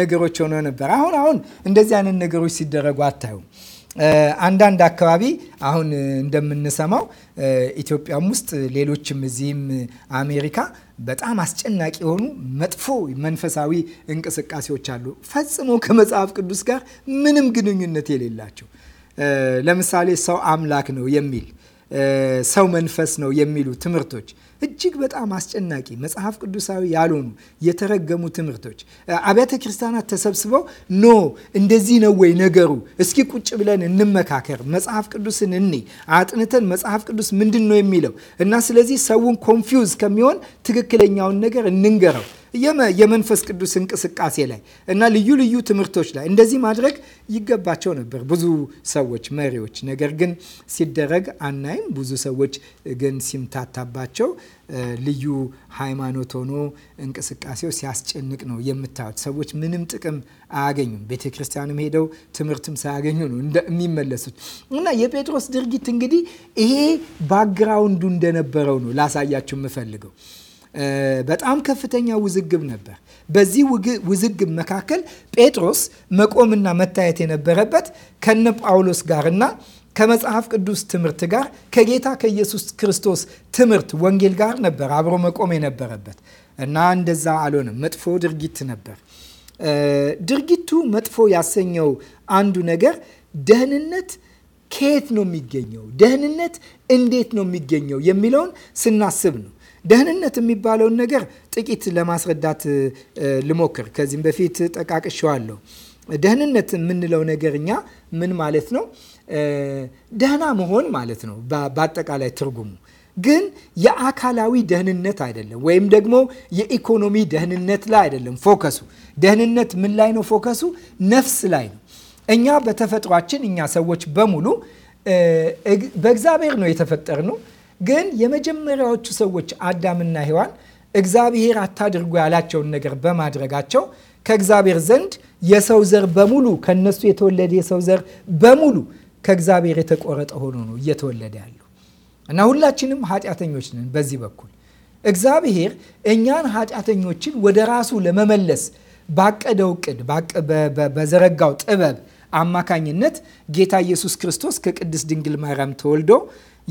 ነገሮች ሆኖ ነበር። አሁን አሁን እንደዚህ አይነት ነገሮች ሲደረጉ አታዩም። አንዳንድ አካባቢ አሁን እንደምንሰማው ኢትዮጵያም ውስጥ ሌሎችም እዚህም አሜሪካ በጣም አስጨናቂ የሆኑ መጥፎ መንፈሳዊ እንቅስቃሴዎች አሉ፣ ፈጽሞ ከመጽሐፍ ቅዱስ ጋር ምንም ግንኙነት የሌላቸው። ለምሳሌ ሰው አምላክ ነው የሚል ሰው መንፈስ ነው የሚሉ ትምህርቶች እጅግ በጣም አስጨናቂ መጽሐፍ ቅዱሳዊ ያልሆኑ የተረገሙ ትምህርቶች አብያተ ክርስቲያናት ተሰብስበው ኖ እንደዚህ ነው ወይ ነገሩ፣ እስኪ ቁጭ ብለን እንመካከር፣ መጽሐፍ ቅዱስን እኔ አጥንተን መጽሐፍ ቅዱስ ምንድን ነው የሚለው እና ስለዚህ ሰውን ኮንፊውዝ ከሚሆን ትክክለኛውን ነገር እንንገረው የመንፈስ ቅዱስ እንቅስቃሴ ላይ እና ልዩ ልዩ ትምህርቶች ላይ እንደዚህ ማድረግ ይገባቸው ነበር ብዙ ሰዎች መሪዎች። ነገር ግን ሲደረግ አናይም። ብዙ ሰዎች ግን ሲምታታባቸው ልዩ ሃይማኖት ሆኖ እንቅስቃሴው ሲያስጨንቅ ነው የምታዩት። ሰዎች ምንም ጥቅም አያገኙም። ቤተ ክርስቲያንም ሄደው ትምህርትም ሳያገኙ ነው የሚመለሱት። እና የጴጥሮስ ድርጊት እንግዲህ ይሄ ባግራውንዱ እንደነበረው ነው ላሳያችሁ የምፈልገው። በጣም ከፍተኛ ውዝግብ ነበር። በዚህ ውዝግብ መካከል ጴጥሮስ መቆምና መታየት የነበረበት ከነ ጳውሎስ ጋርና ከመጽሐፍ ቅዱስ ትምህርት ጋር ከጌታ ከኢየሱስ ክርስቶስ ትምህርት ወንጌል ጋር ነበር አብሮ መቆም የነበረበት እና እንደዛ አልሆነም። መጥፎ ድርጊት ነበር። ድርጊቱ መጥፎ ያሰኘው አንዱ ነገር ደህንነት ከየት ነው የሚገኘው፣ ደህንነት እንዴት ነው የሚገኘው የሚለውን ስናስብ ነው። ደህንነት የሚባለውን ነገር ጥቂት ለማስረዳት ልሞክር። ከዚህም በፊት ጠቃቅሸዋለሁ። ደህንነት የምንለው ነገር እኛ ምን ማለት ነው? ደህና መሆን ማለት ነው በአጠቃላይ ትርጉሙ ግን የአካላዊ ደህንነት አይደለም፣ ወይም ደግሞ የኢኮኖሚ ደህንነት ላይ አይደለም ፎከሱ። ደህንነት ምን ላይ ነው ፎከሱ? ነፍስ ላይ ነው። እኛ በተፈጥሯችን እኛ ሰዎች በሙሉ በእግዚአብሔር ነው የተፈጠርነው። ግን የመጀመሪያዎቹ ሰዎች አዳምና ሔዋን እግዚአብሔር አታድርጉ ያላቸውን ነገር በማድረጋቸው ከእግዚአብሔር ዘንድ የሰው ዘር በሙሉ ከነሱ የተወለደ የሰው ዘር በሙሉ ከእግዚአብሔር የተቆረጠ ሆኖ ነው እየተወለደ ያለው እና ሁላችንም ኃጢአተኞች ነን። በዚህ በኩል እግዚአብሔር እኛን ኃጢአተኞችን ወደ ራሱ ለመመለስ ባቀደው ቅድ በዘረጋው ጥበብ አማካኝነት ጌታ ኢየሱስ ክርስቶስ ከቅድስት ድንግል ማርያም ተወልዶ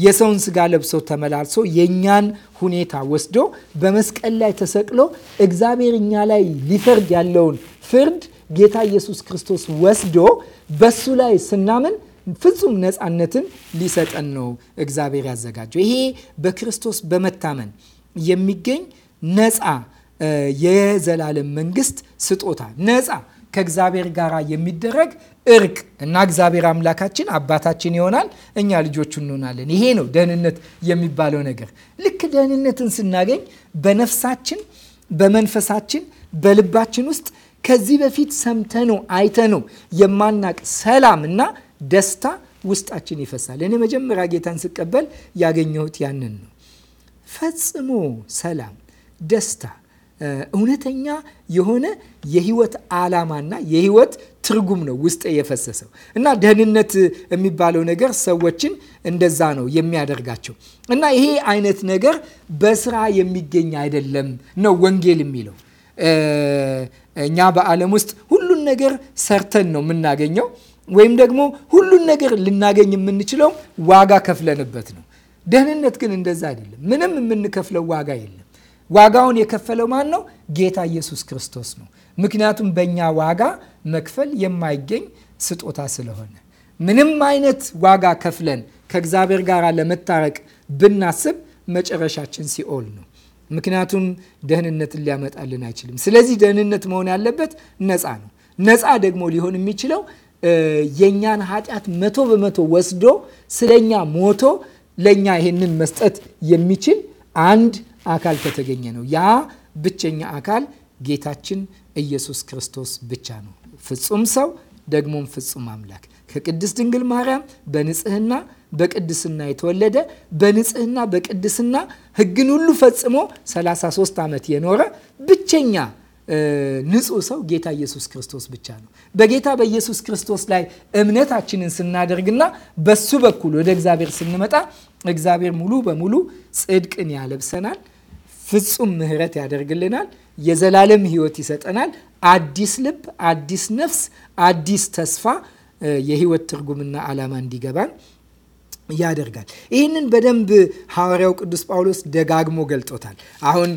የሰውን ስጋ ለብሶ ተመላልሶ የእኛን ሁኔታ ወስዶ በመስቀል ላይ ተሰቅሎ እግዚአብሔር እኛ ላይ ሊፈርድ ያለውን ፍርድ ጌታ ኢየሱስ ክርስቶስ ወስዶ በሱ ላይ ስናምን ፍጹም ነፃነትን ሊሰጠን ነው እግዚአብሔር ያዘጋጀው። ይሄ በክርስቶስ በመታመን የሚገኝ ነፃ የዘላለም መንግስት ስጦታ ነፃ ከእግዚአብሔር ጋር የሚደረግ እርቅ እና እግዚአብሔር አምላካችን አባታችን ይሆናል፣ እኛ ልጆቹ እንሆናለን። ይሄ ነው ደህንነት የሚባለው ነገር። ልክ ደህንነትን ስናገኝ በነፍሳችን፣ በመንፈሳችን፣ በልባችን ውስጥ ከዚህ በፊት ሰምተነው አይተነው የማናቅ ሰላም እና ደስታ ውስጣችን ይፈሳል። እኔ መጀመሪያ ጌታን ስቀበል ያገኘሁት ያንን ነው። ፈጽሞ ሰላም፣ ደስታ እውነተኛ የሆነ የህይወት ዓላማና የህይወት ትርጉም ነው ውስጥ የፈሰሰው እና ደህንነት የሚባለው ነገር ሰዎችን እንደዛ ነው የሚያደርጋቸው እና ይሄ አይነት ነገር በስራ የሚገኝ አይደለም ነው ወንጌል የሚለው እኛ በዓለም ውስጥ ሁሉን ነገር ሰርተን ነው የምናገኘው ወይም ደግሞ ሁሉን ነገር ልናገኝ የምንችለው ዋጋ ከፍለንበት ነው። ደህንነት ግን እንደዛ አይደለም። ምንም የምንከፍለው ዋጋ የለም። ዋጋውን የከፈለው ማን ነው? ጌታ ኢየሱስ ክርስቶስ ነው። ምክንያቱም በእኛ ዋጋ መክፈል የማይገኝ ስጦታ ስለሆነ ምንም አይነት ዋጋ ከፍለን ከእግዚአብሔር ጋር ለመታረቅ ብናስብ መጨረሻችን ሲኦል ነው። ምክንያቱም ደህንነትን ሊያመጣልን አይችልም። ስለዚህ ደህንነት መሆን ያለበት ነፃ ነው። ነፃ ደግሞ ሊሆን የሚችለው የእኛን ኃጢአት መቶ በመቶ ወስዶ ስለኛ ሞቶ ለእኛ ይህንን መስጠት የሚችል አንድ አካል ከተገኘ ነው። ያ ብቸኛ አካል ጌታችን ኢየሱስ ክርስቶስ ብቻ ነው። ፍጹም ሰው ደግሞም ፍጹም አምላክ ከቅድስት ድንግል ማርያም በንጽህና በቅድስና የተወለደ በንጽህና በቅድስና ሕግን ሁሉ ፈጽሞ 33 ዓመት የኖረ ብቸኛ ንጹህ ሰው ጌታ ኢየሱስ ክርስቶስ ብቻ ነው። በጌታ በኢየሱስ ክርስቶስ ላይ እምነታችንን ስናደርግና በሱ በኩል ወደ እግዚአብሔር ስንመጣ እግዚአብሔር ሙሉ በሙሉ ጽድቅን ያለብሰናል። ፍጹም ምሕረት ያደርግልናል። የዘላለም ሕይወት ይሰጠናል። አዲስ ልብ፣ አዲስ ነፍስ፣ አዲስ ተስፋ የህይወት ትርጉምና ዓላማ እንዲገባን ያደርጋል። ይህንን በደንብ ሐዋርያው ቅዱስ ጳውሎስ ደጋግሞ ገልጦታል። አሁን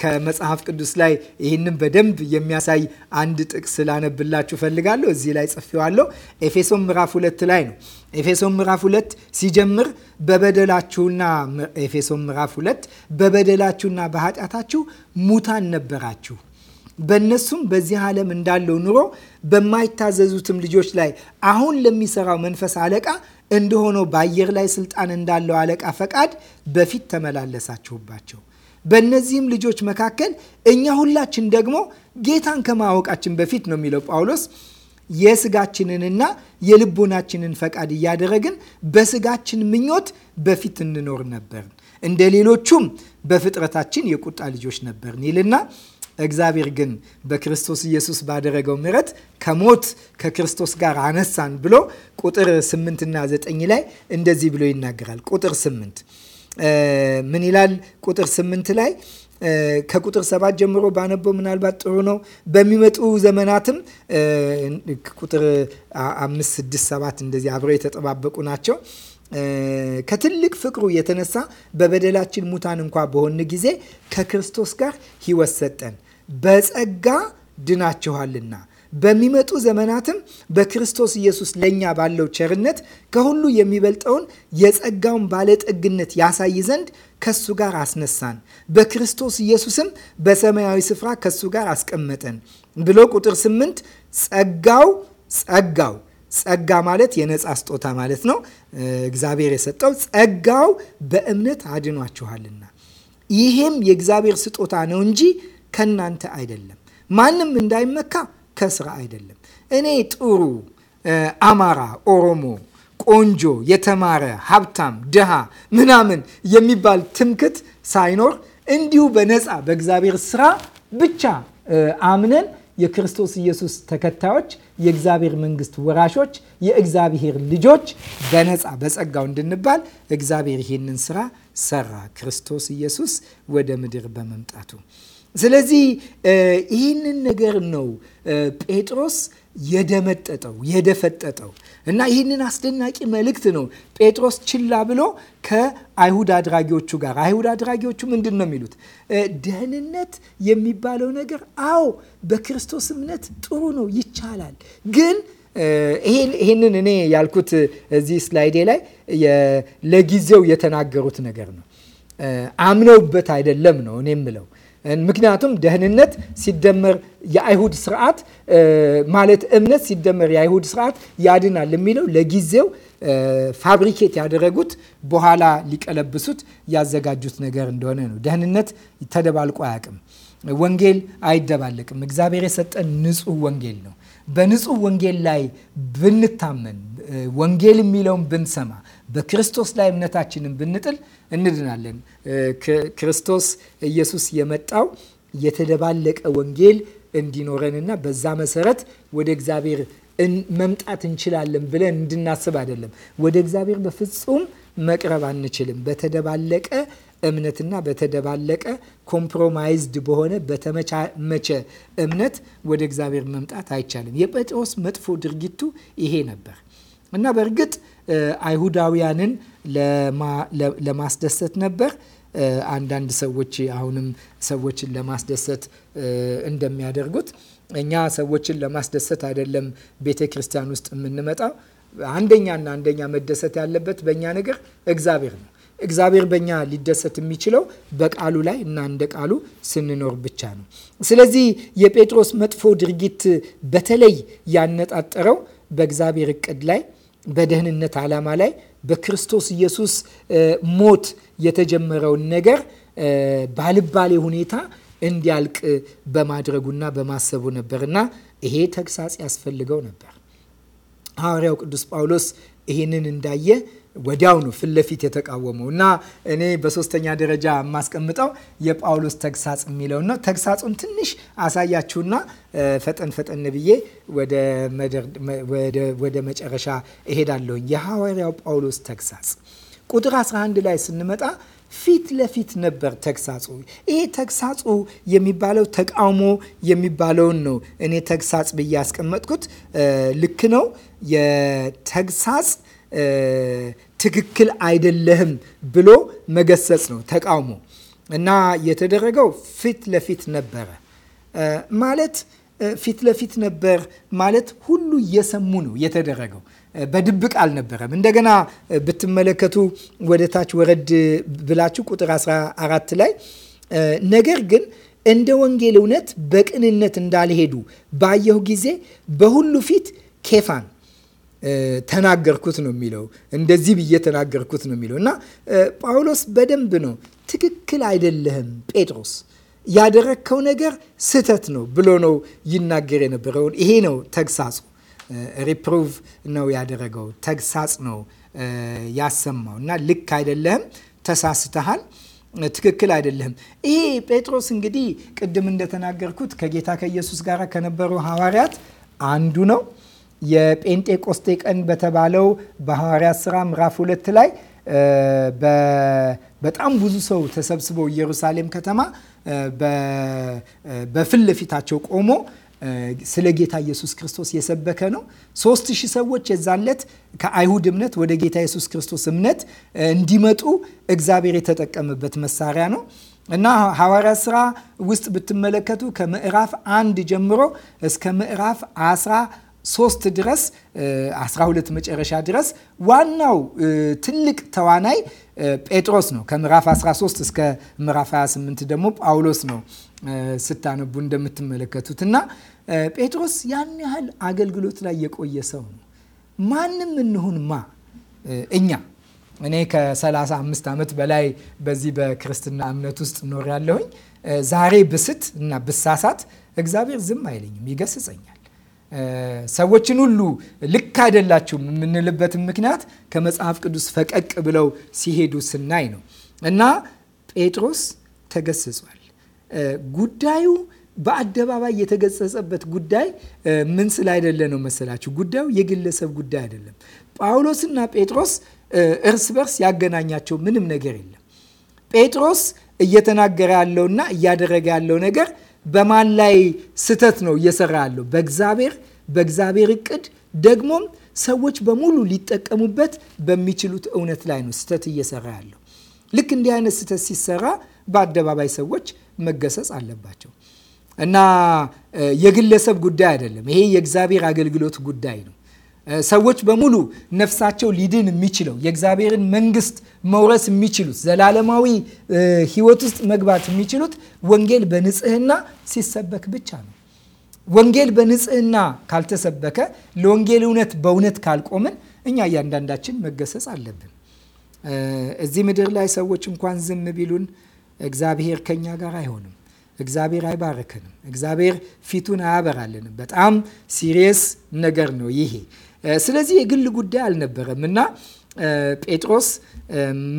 ከመጽሐፍ ቅዱስ ላይ ይህንን በደንብ የሚያሳይ አንድ ጥቅስ ላነብላችሁ ፈልጋለሁ። እዚህ ላይ ጽፌዋለሁ። ኤፌሶን ምዕራፍ ሁለት ላይ ነው ኤፌሶን ምዕራፍ 2 ሲጀምር በበደላችሁና ኤፌሶን ምዕራፍ 2 በበደላችሁና በኃጢአታችሁ ሙታን ነበራችሁ በእነሱም በዚህ ዓለም እንዳለው ኑሮ በማይታዘዙትም ልጆች ላይ አሁን ለሚሰራው መንፈስ አለቃ እንደሆነ በአየር ላይ ስልጣን እንዳለው አለቃ ፈቃድ በፊት ተመላለሳችሁባቸው። በእነዚህም ልጆች መካከል እኛ ሁላችን ደግሞ ጌታን ከማወቃችን በፊት ነው የሚለው ጳውሎስ የስጋችንንና የልቦናችንን ፈቃድ እያደረግን በስጋችን ምኞት በፊት እንኖር ነበርን። እንደ ሌሎቹም በፍጥረታችን የቁጣ ልጆች ነበርን ይልና እግዚአብሔር ግን በክርስቶስ ኢየሱስ ባደረገው ምረት ከሞት ከክርስቶስ ጋር አነሳን ብሎ ቁጥር ስምንትና ዘጠኝ ላይ እንደዚህ ብሎ ይናገራል። ቁጥር ስምንት ምን ይላል? ቁጥር ስምንት ላይ ከቁጥር ሰባት ጀምሮ ባነበው ምናልባት ጥሩ ነው። በሚመጡ ዘመናትም ቁጥር አምስት፣ ስድስት፣ ሰባት እንደዚህ አብረው የተጠባበቁ ናቸው። ከትልቅ ፍቅሩ የተነሳ በበደላችን ሙታን እንኳ በሆን ጊዜ ከክርስቶስ ጋር ሕይወት ሰጠን በጸጋ ድናችኋልና በሚመጡ ዘመናትም በክርስቶስ ኢየሱስ ለእኛ ባለው ቸርነት ከሁሉ የሚበልጠውን የጸጋውን ባለጠግነት ያሳይ ዘንድ ከሱ ጋር አስነሳን፣ በክርስቶስ ኢየሱስም በሰማያዊ ስፍራ ከሱ ጋር አስቀመጠን ብሎ ቁጥር ስምንት ጸጋው ጸጋው ጸጋ ማለት የነፃ ስጦታ ማለት ነው። እግዚአብሔር የሰጠው ጸጋው በእምነት አድኗችኋልና ይህም የእግዚአብሔር ስጦታ ነው እንጂ ከእናንተ አይደለም፣ ማንም እንዳይመካ ከስራ አይደለም። እኔ ጥሩ አማራ፣ ኦሮሞ፣ ቆንጆ፣ የተማረ፣ ሀብታም፣ ድሃ ምናምን የሚባል ትምክት ሳይኖር እንዲሁ በነፃ በእግዚአብሔር ስራ ብቻ አምነን የክርስቶስ ኢየሱስ ተከታዮች የእግዚአብሔር መንግስት ወራሾች የእግዚአብሔር ልጆች በነፃ በጸጋው እንድንባል እግዚአብሔር ይህንን ስራ ሰራ። ክርስቶስ ኢየሱስ ወደ ምድር በመምጣቱ ስለዚህ ይህንን ነገር ነው ጴጥሮስ የደመጠጠው የደፈጠጠው እና ይህንን አስደናቂ መልእክት ነው ጴጥሮስ ችላ ብሎ ከአይሁድ አድራጊዎቹ ጋር አይሁድ አድራጊዎቹ ምንድን ነው የሚሉት? ደህንነት የሚባለው ነገር አዎ፣ በክርስቶስ እምነት ጥሩ ነው፣ ይቻላል። ግን ይህንን እኔ ያልኩት እዚህ ስላይዴ ላይ ለጊዜው የተናገሩት ነገር ነው። አምነውበት አይደለም ነው እኔ ምለው ምክንያቱም ደህንነት ሲደመር የአይሁድ ስርዓት ማለት እምነት ሲደመር የአይሁድ ስርዓት ያድናል የሚለው ለጊዜው ፋብሪኬት ያደረጉት በኋላ ሊቀለብሱት ያዘጋጁት ነገር እንደሆነ ነው። ደህንነት ተደባልቆ አያውቅም። ወንጌል አይደባለቅም። እግዚአብሔር የሰጠን ንጹህ ወንጌል ነው። በንጹህ ወንጌል ላይ ብንታመን፣ ወንጌል የሚለውን ብንሰማ በክርስቶስ ላይ እምነታችንን ብንጥል እንድናለን። ክርስቶስ ኢየሱስ የመጣው የተደባለቀ ወንጌል እንዲኖረንና በዛ መሰረት ወደ እግዚአብሔር መምጣት እንችላለን ብለን እንድናስብ አይደለም። ወደ እግዚአብሔር በፍጹም መቅረብ አንችልም። በተደባለቀ እምነትና በተደባለቀ ኮምፕሮማይዝድ በሆነ በተመቻመቸ እምነት ወደ እግዚአብሔር መምጣት አይቻልም። የጴጥሮስ መጥፎ ድርጊቱ ይሄ ነበር እና በእርግጥ አይሁዳውያንን ለማስደሰት ነበር። አንዳንድ ሰዎች አሁንም ሰዎችን ለማስደሰት እንደሚያደርጉት እኛ ሰዎችን ለማስደሰት አይደለም ቤተ ክርስቲያን ውስጥ የምንመጣው። አንደኛና አንደኛ መደሰት ያለበት በእኛ ነገር እግዚአብሔር ነው። እግዚአብሔር በእኛ ሊደሰት የሚችለው በቃሉ ላይ እና እንደ ቃሉ ስንኖር ብቻ ነው። ስለዚህ የጴጥሮስ መጥፎ ድርጊት በተለይ ያነጣጠረው በእግዚአብሔር እቅድ ላይ በደህንነት ዓላማ ላይ በክርስቶስ ኢየሱስ ሞት የተጀመረውን ነገር ባልባሌ ሁኔታ እንዲያልቅ በማድረጉና በማሰቡ ነበርና ይሄ ተግሳጽ ያስፈልገው ነበር። ሐዋርያው ቅዱስ ጳውሎስ ይህንን እንዳየ ወዲያውኑ ፊት ለፊት የተቃወመው እና እኔ በሶስተኛ ደረጃ የማስቀምጠው የጳውሎስ ተግሳጽ የሚለውን ነው። ተግሳጹን ትንሽ አሳያችሁና ፈጠን ፈጠን ብዬ ወደ መጨረሻ እሄዳለሁኝ። የሐዋርያው ጳውሎስ ተግሳጽ ቁጥር 11 ላይ ስንመጣ ፊት ለፊት ነበር ተግሳጹ። ይሄ ተግሳጹ የሚባለው ተቃውሞ የሚባለውን ነው እኔ ተግሳጽ ብዬ ያስቀመጥኩት። ልክ ነው የተግሳጽ ትክክል አይደለህም ብሎ መገሰጽ ነው ተቃውሞ። እና የተደረገው ፊት ለፊት ነበረ ማለት ፊት ለፊት ነበር ማለት ሁሉ እየሰሙ ነው የተደረገው። በድብቅ አልነበረም። እንደገና ብትመለከቱ ወደ ታች ወረድ ብላችሁ ቁጥር 14 ላይ ነገር ግን እንደ ወንጌል እውነት በቅንነት እንዳልሄዱ ባየሁ ጊዜ በሁሉ ፊት ኬፋን ተናገርኩት ነው የሚለው። እንደዚህ ብዬ ተናገርኩት ነው የሚለው እና ጳውሎስ በደንብ ነው ትክክል አይደለህም ጴጥሮስ ያደረግከው ነገር ስህተት ነው ብሎ ነው ይናገር የነበረውን። ይሄ ነው ተግሳጹ። ሪፕሩቭ ነው ያደረገው፣ ተግሳጽ ነው ያሰማው እና ልክ አይደለህም፣ ተሳስተሃል፣ ትክክል አይደለህም። ይሄ ጴጥሮስ እንግዲህ ቅድም እንደተናገርኩት ከጌታ ከኢየሱስ ጋር ከነበሩ ሐዋርያት አንዱ ነው። የጴንጤቆስቴ ቀን በተባለው በሐዋርያት ሥራ ምዕራፍ ሁለት ላይ በጣም ብዙ ሰው ተሰብስበው ኢየሩሳሌም ከተማ በፊት ለፊታቸው ቆሞ ስለ ጌታ ኢየሱስ ክርስቶስ የሰበከ ነው። ሶስት ሺህ ሰዎች የዛለት ከአይሁድ እምነት ወደ ጌታ ኢየሱስ ክርስቶስ እምነት እንዲመጡ እግዚአብሔር የተጠቀመበት መሳሪያ ነው እና ሐዋርያ ሥራ ውስጥ ብትመለከቱ ከምዕራፍ አንድ ጀምሮ እስከ ምዕራፍ አስራ ሶስት ድረስ 12 መጨረሻ ድረስ ዋናው ትልቅ ተዋናይ ጴጥሮስ ነው። ከምዕራፍ 13 እስከ ምዕራፍ 28 ደግሞ ጳውሎስ ነው ስታነቡ እንደምትመለከቱት እና ጴጥሮስ ያን ያህል አገልግሎት ላይ የቆየ ሰው ነው። ማንም እንሁን ማ እኛ እኔ ከ35 ዓመት በላይ በዚህ በክርስትና እምነት ውስጥ ኖር ያለሁኝ ዛሬ ብስት እና ብሳሳት እግዚአብሔር ዝም አይለኝም፣ ይገስጸኛል ሰዎችን ሁሉ ልክ አይደላችሁም የምንልበትም ምክንያት ከመጽሐፍ ቅዱስ ፈቀቅ ብለው ሲሄዱ ስናይ ነው። እና ጴጥሮስ ተገስጿል። ጉዳዩ በአደባባይ የተገሰጸበት ጉዳይ ምን ስላይደለ ነው መሰላችሁ? ጉዳዩ የግለሰብ ጉዳይ አይደለም። ጳውሎስና ጴጥሮስ እርስ በርስ ያገናኛቸው ምንም ነገር የለም። ጴጥሮስ እየተናገረ ያለውና እያደረገ ያለው ነገር በማን ላይ ስህተት ነው እየሰራ ያለው? በእግዚአብሔር በእግዚአብሔር እቅድ ደግሞም ሰዎች በሙሉ ሊጠቀሙበት በሚችሉት እውነት ላይ ነው ስህተት እየሰራ ያለው። ልክ እንዲህ አይነት ስህተት ሲሰራ በአደባባይ ሰዎች መገሰጽ አለባቸው እና የግለሰብ ጉዳይ አይደለም። ይሄ የእግዚአብሔር አገልግሎት ጉዳይ ነው። ሰዎች በሙሉ ነፍሳቸው ሊድን የሚችለው የእግዚአብሔርን መንግስት መውረስ የሚችሉት ዘላለማዊ ህይወት ውስጥ መግባት የሚችሉት ወንጌል በንጽህና ሲሰበክ ብቻ ነው። ወንጌል በንጽህና ካልተሰበከ፣ ለወንጌል እውነት በእውነት ካልቆምን እኛ እያንዳንዳችን መገሰጽ አለብን። እዚህ ምድር ላይ ሰዎች እንኳን ዝም ቢሉን እግዚአብሔር ከኛ ጋር አይሆንም። እግዚአብሔር አይባረክንም እግዚአብሔር ፊቱን አያበራልንም። በጣም ሲሪየስ ነገር ነው ይሄ። ስለዚህ የግል ጉዳይ አልነበረም እና ጴጥሮስ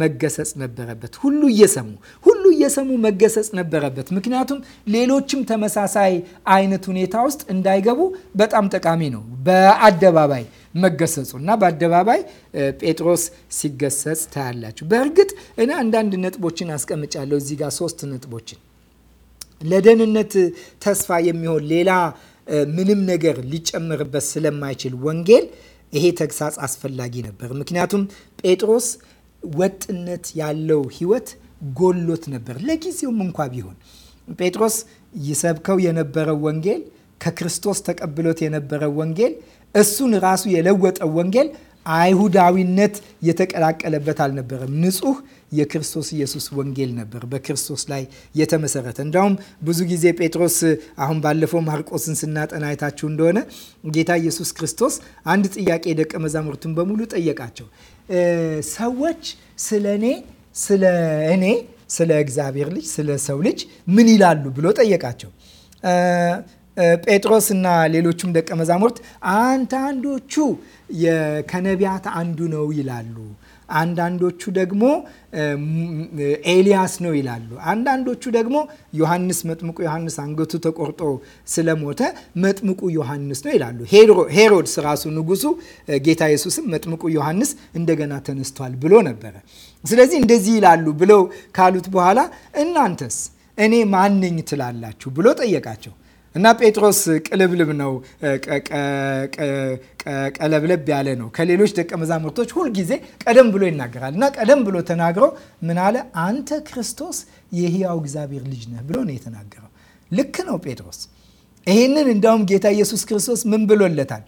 መገሰጽ ነበረበት። ሁሉ እየሰሙ ሁሉ እየሰሙ መገሰጽ ነበረበት። ምክንያቱም ሌሎችም ተመሳሳይ አይነት ሁኔታ ውስጥ እንዳይገቡ በጣም ጠቃሚ ነው በአደባባይ መገሰጹ እና በአደባባይ ጴጥሮስ ሲገሰጽ ታያላችሁ። በእርግጥ እኔ አንዳንድ ነጥቦችን አስቀምጫለሁ እዚህ ጋር ሶስት ነጥቦችን ለደህንነት ተስፋ የሚሆን ሌላ ምንም ነገር ሊጨመርበት ስለማይችል ወንጌል ይሄ ተግሳጽ አስፈላጊ ነበር። ምክንያቱም ጴጥሮስ ወጥነት ያለው ሕይወት ጎሎት ነበር፣ ለጊዜውም እንኳ ቢሆን ጴጥሮስ ይሰብከው የነበረው ወንጌል ከክርስቶስ ተቀብሎት የነበረው ወንጌል እሱን ራሱ የለወጠው ወንጌል አይሁዳዊነት የተቀላቀለበት አልነበረም። ንጹህ የክርስቶስ ኢየሱስ ወንጌል ነበር በክርስቶስ ላይ የተመሰረተ። እንዳውም ብዙ ጊዜ ጴጥሮስ አሁን ባለፈው ማርቆስን ስናጠና አይታችሁ እንደሆነ ጌታ ኢየሱስ ክርስቶስ አንድ ጥያቄ ደቀ መዛሙርቱን በሙሉ ጠየቃቸው። ሰዎች ስለ እኔ ስለ እኔ ስለ እግዚአብሔር ልጅ ስለ ሰው ልጅ ምን ይላሉ ብሎ ጠየቃቸው። ጴጥሮስ እና ሌሎቹም ደቀ መዛሙርት አንተ አንዶቹ ከነቢያት አንዱ ነው ይላሉ፣ አንዳንዶቹ ደግሞ ኤልያስ ነው ይላሉ፣ አንዳንዶቹ ደግሞ ዮሐንስ መጥምቁ ዮሐንስ አንገቱ ተቆርጦ ስለሞተ መጥምቁ ዮሐንስ ነው ይላሉ። ሄሮድስ ራሱ ንጉሱ ጌታ ኢየሱስም መጥምቁ ዮሐንስ እንደገና ተነስቷል ብሎ ነበረ። ስለዚህ እንደዚህ ይላሉ ብለው ካሉት በኋላ እናንተስ እኔ ማንኝ ትላላችሁ ብሎ ጠየቃቸው። እና ጴጥሮስ ቅልብልብ ነው፣ ቀለብለብ ያለ ነው። ከሌሎች ደቀ መዛሙርቶች ሁልጊዜ ቀደም ብሎ ይናገራል እና ቀደም ብሎ ተናግሮ ምን አለ? አንተ ክርስቶስ የህያው እግዚአብሔር ልጅ ነህ ብሎ ነው የተናገረው። ልክ ነው ጴጥሮስ። ይህንን እንዳውም ጌታ ኢየሱስ ክርስቶስ ምን ብሎለታል?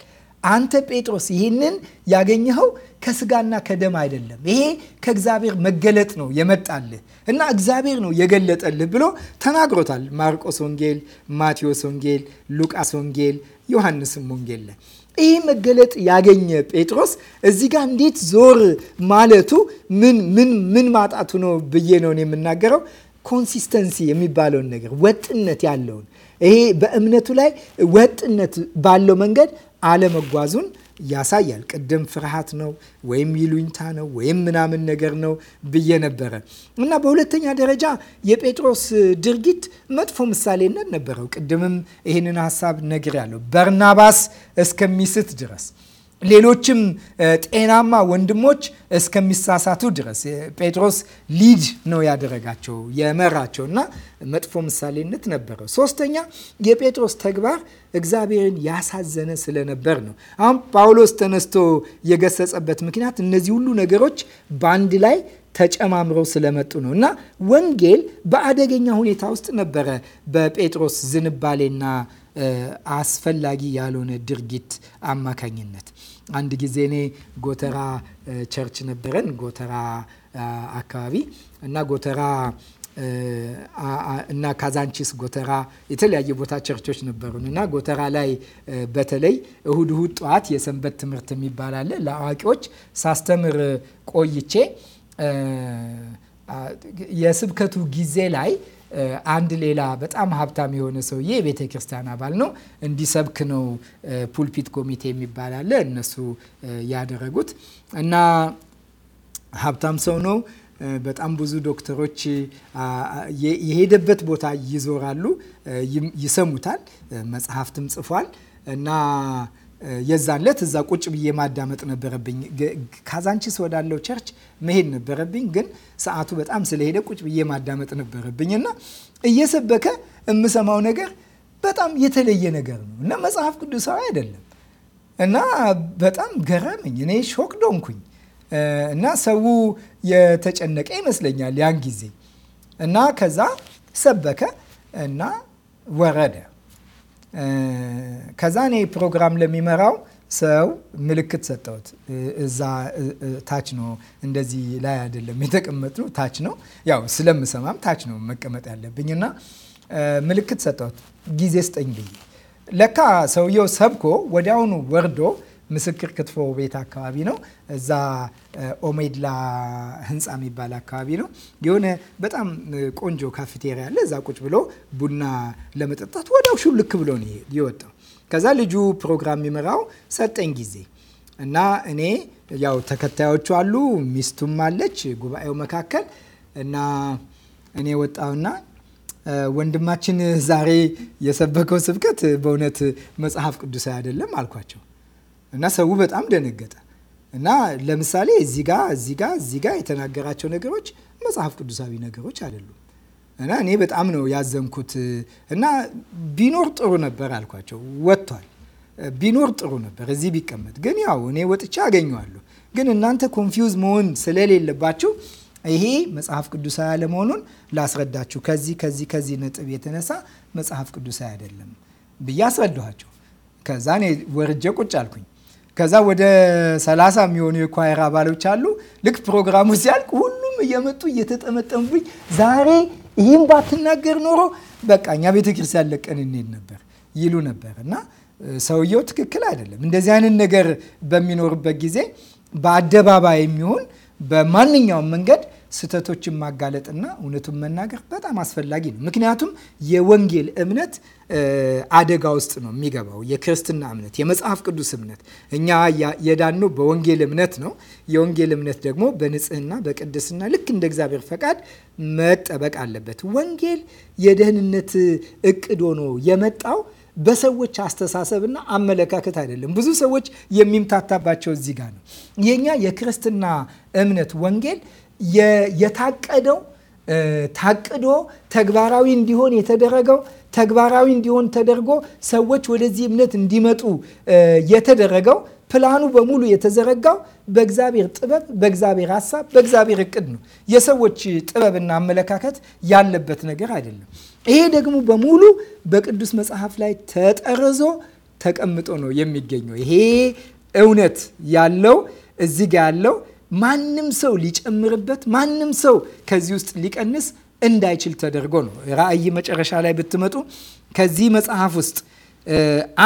አንተ ጴጥሮስ ይህንን ያገኘኸው ከስጋና ከደም አይደለም፣ ይሄ ከእግዚአብሔር መገለጥ ነው የመጣልህ እና እግዚአብሔር ነው የገለጠልህ ብሎ ተናግሮታል። ማርቆስ ወንጌል፣ ማቴዎስ ወንጌል፣ ሉቃስ ወንጌል፣ ዮሐንስም ወንጌል ላይ ይህ መገለጥ ያገኘ ጴጥሮስ እዚህ ጋር እንዴት ዞር ማለቱ ምን ምን ምን ማጣቱ ነው ብዬ ነው የምናገረው። ኮንሲስተንሲ የሚባለውን ነገር ወጥነት ያለውን ይሄ በእምነቱ ላይ ወጥነት ባለው መንገድ አለመጓዙን ያሳያል። ቅድም ፍርሃት ነው ወይም ይሉኝታ ነው ወይም ምናምን ነገር ነው ብዬ ነበረ እና በሁለተኛ ደረጃ የጴጥሮስ ድርጊት መጥፎ ምሳሌነት ነበረው። ቅድምም ይህንን ሀሳብ ነግሬያለሁ። በርናባስ እስከሚስት ድረስ ሌሎችም ጤናማ ወንድሞች እስከሚሳሳቱ ድረስ ጴጥሮስ ሊድ ነው ያደረጋቸው የመራቸው እና መጥፎ ምሳሌነት ነበረው። ሶስተኛ የጴጥሮስ ተግባር እግዚአብሔርን ያሳዘነ ስለነበር ነው። አሁን ጳውሎስ ተነስቶ የገሰጸበት ምክንያት እነዚህ ሁሉ ነገሮች በአንድ ላይ ተጨማምረው ስለመጡ ነው እና ወንጌል በአደገኛ ሁኔታ ውስጥ ነበረ በጴጥሮስ ዝንባሌና አስፈላጊ ያልሆነ ድርጊት አማካኝነት አንድ ጊዜ እኔ ጎተራ ቸርች ነበረን፣ ጎተራ አካባቢ እና ጎተራ እና ካዛንቺስ ጎተራ የተለያየ ቦታ ቸርቾች ነበሩን እና ጎተራ ላይ በተለይ እሁድ እሁድ ጠዋት የሰንበት ትምህርት የሚባል አለ። ለአዋቂዎች ሳስተምር ቆይቼ የስብከቱ ጊዜ ላይ አንድ ሌላ በጣም ሀብታም የሆነ ሰውዬ የቤተ ክርስቲያን አባል ነው። እንዲሰብክ ነው ፑልፒት ኮሚቴ የሚባል አለ። እነሱ ያደረጉት እና ሀብታም ሰው ነው። በጣም ብዙ ዶክተሮች የሄደበት ቦታ ይዞራሉ፣ ይሰሙታል። መጽሐፍትም ጽፏል እና የዛን ለት እዛ ቁጭ ብዬ ማዳመጥ ነበረብኝ። ካዛንቺስ ወዳለው ቸርች መሄድ ነበረብኝ፣ ግን ሰዓቱ በጣም ስለሄደ ቁጭ ብዬ ማዳመጥ ነበረብኝ እና እየሰበከ የምሰማው ነገር በጣም የተለየ ነገር ነው እና መጽሐፍ ቅዱሳዊ አይደለም እና በጣም ገረመኝ። እኔ ሾክ ዶንኩኝ እና ሰው የተጨነቀ ይመስለኛል ያን ጊዜ እና ከዛ ሰበከ እና ወረደ ከዛ እኔ ፕሮግራም ለሚመራው ሰው ምልክት ሰጠሁት። እዛ ታች ነው፣ እንደዚህ ላይ አይደለም ነው ታች ነው። ያው ስለምሰማም ታች ነው መቀመጥ ያለብኝ እና ምልክት ሰጠሁት ጊዜ ስጠኝ ብዬ። ለካ ሰውየው ሰብኮ ወዲያውኑ ወርዶ ምስክር ክትፎ ቤት አካባቢ ነው። እዛ ኦሜድላ ህንፃ የሚባል አካባቢ ነው። የሆነ በጣም ቆንጆ ካፍቴሪያ አለ። እዛ ቁጭ ብሎ ቡና ለመጠጣት ወዲያው ሹልክ ብሎ ነው የወጣው። ከዛ ልጁ ፕሮግራም የሚመራው ሰጠኝ ጊዜ እና እኔ ያው ተከታዮቹ አሉ፣ ሚስቱም አለች ጉባኤው መካከል እና እኔ ወጣውና ወንድማችን ዛሬ የሰበከው ስብከት በእውነት መጽሐፍ ቅዱሳዊ አይደለም አልኳቸው። እና ሰው በጣም ደነገጠ። እና ለምሳሌ እዚህ ጋ እዚህ ጋ እዚህ ጋ የተናገራቸው ነገሮች መጽሐፍ ቅዱሳዊ ነገሮች አይደሉም። እና እኔ በጣም ነው ያዘንኩት። እና ቢኖር ጥሩ ነበር አልኳቸው። ወጥቷል ቢኖር ጥሩ ነበር እዚህ ቢቀመጥ። ግን ያው እኔ ወጥቼ አገኘዋለሁ። ግን እናንተ ኮንፊውዝ መሆን ስለሌለባችሁ ይሄ መጽሐፍ ቅዱሳዊ አለመሆኑን ላስረዳችሁ። ከዚህ ከዚህ ከዚህ ነጥብ የተነሳ መጽሐፍ ቅዱሳዊ አይደለም ብዬ አስረዳኋቸው። ከዛ እኔ ወርጄ ቁጭ አልኩኝ። ከዛ ወደ 30 የሚሆኑ የኳየር አባሎች አሉ። ልክ ፕሮግራሙ ሲያልቅ ሁሉም እየመጡ እየተጠመጠሙብኝ፣ ዛሬ ይህም ባትናገር ኖሮ በቃ እኛ ቤተ ክርስቲያን ለቀን እንሄድ ነበር ይሉ ነበር። እና ሰውየው ትክክል አይደለም። እንደዚህ አይነት ነገር በሚኖርበት ጊዜ በአደባባይ የሚሆን በማንኛውም መንገድ ስህተቶችን ማጋለጥና እውነቱን መናገር በጣም አስፈላጊ ነው። ምክንያቱም የወንጌል እምነት አደጋ ውስጥ ነው የሚገባው። የክርስትና እምነት፣ የመጽሐፍ ቅዱስ እምነት እኛ የዳነው በወንጌል እምነት ነው። የወንጌል እምነት ደግሞ በንጽህና በቅድስና ልክ እንደ እግዚአብሔር ፈቃድ መጠበቅ አለበት። ወንጌል የደህንነት እቅድ ሆኖ የመጣው በሰዎች አስተሳሰብና አመለካከት አይደለም። ብዙ ሰዎች የሚምታታባቸው እዚህ ጋር ነው። የኛ የክርስትና እምነት ወንጌል የታቀደው ታቅዶ ተግባራዊ እንዲሆን የተደረገው ተግባራዊ እንዲሆን ተደርጎ ሰዎች ወደዚህ እምነት እንዲመጡ የተደረገው ፕላኑ በሙሉ የተዘረጋው በእግዚአብሔር ጥበብ፣ በእግዚአብሔር ሀሳብ፣ በእግዚአብሔር እቅድ ነው። የሰዎች ጥበብና አመለካከት ያለበት ነገር አይደለም። ይሄ ደግሞ በሙሉ በቅዱስ መጽሐፍ ላይ ተጠርዞ ተቀምጦ ነው የሚገኘው። ይሄ እውነት ያለው እዚህ ጋ ያለው ማንም ሰው ሊጨምርበት ማንም ሰው ከዚህ ውስጥ ሊቀንስ እንዳይችል ተደርጎ ነው። ራእይ መጨረሻ ላይ ብትመጡ ከዚህ መጽሐፍ ውስጥ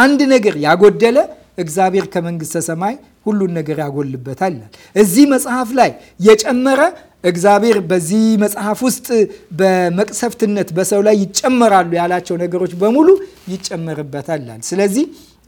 አንድ ነገር ያጎደለ እግዚአብሔር ከመንግስተ ሰማይ ሁሉን ነገር ያጎልበታል ይላል። እዚህ መጽሐፍ ላይ የጨመረ እግዚአብሔር በዚህ መጽሐፍ ውስጥ በመቅሰፍትነት በሰው ላይ ይጨመራሉ ያላቸው ነገሮች በሙሉ ይጨመርበታል ይላል። ስለዚህ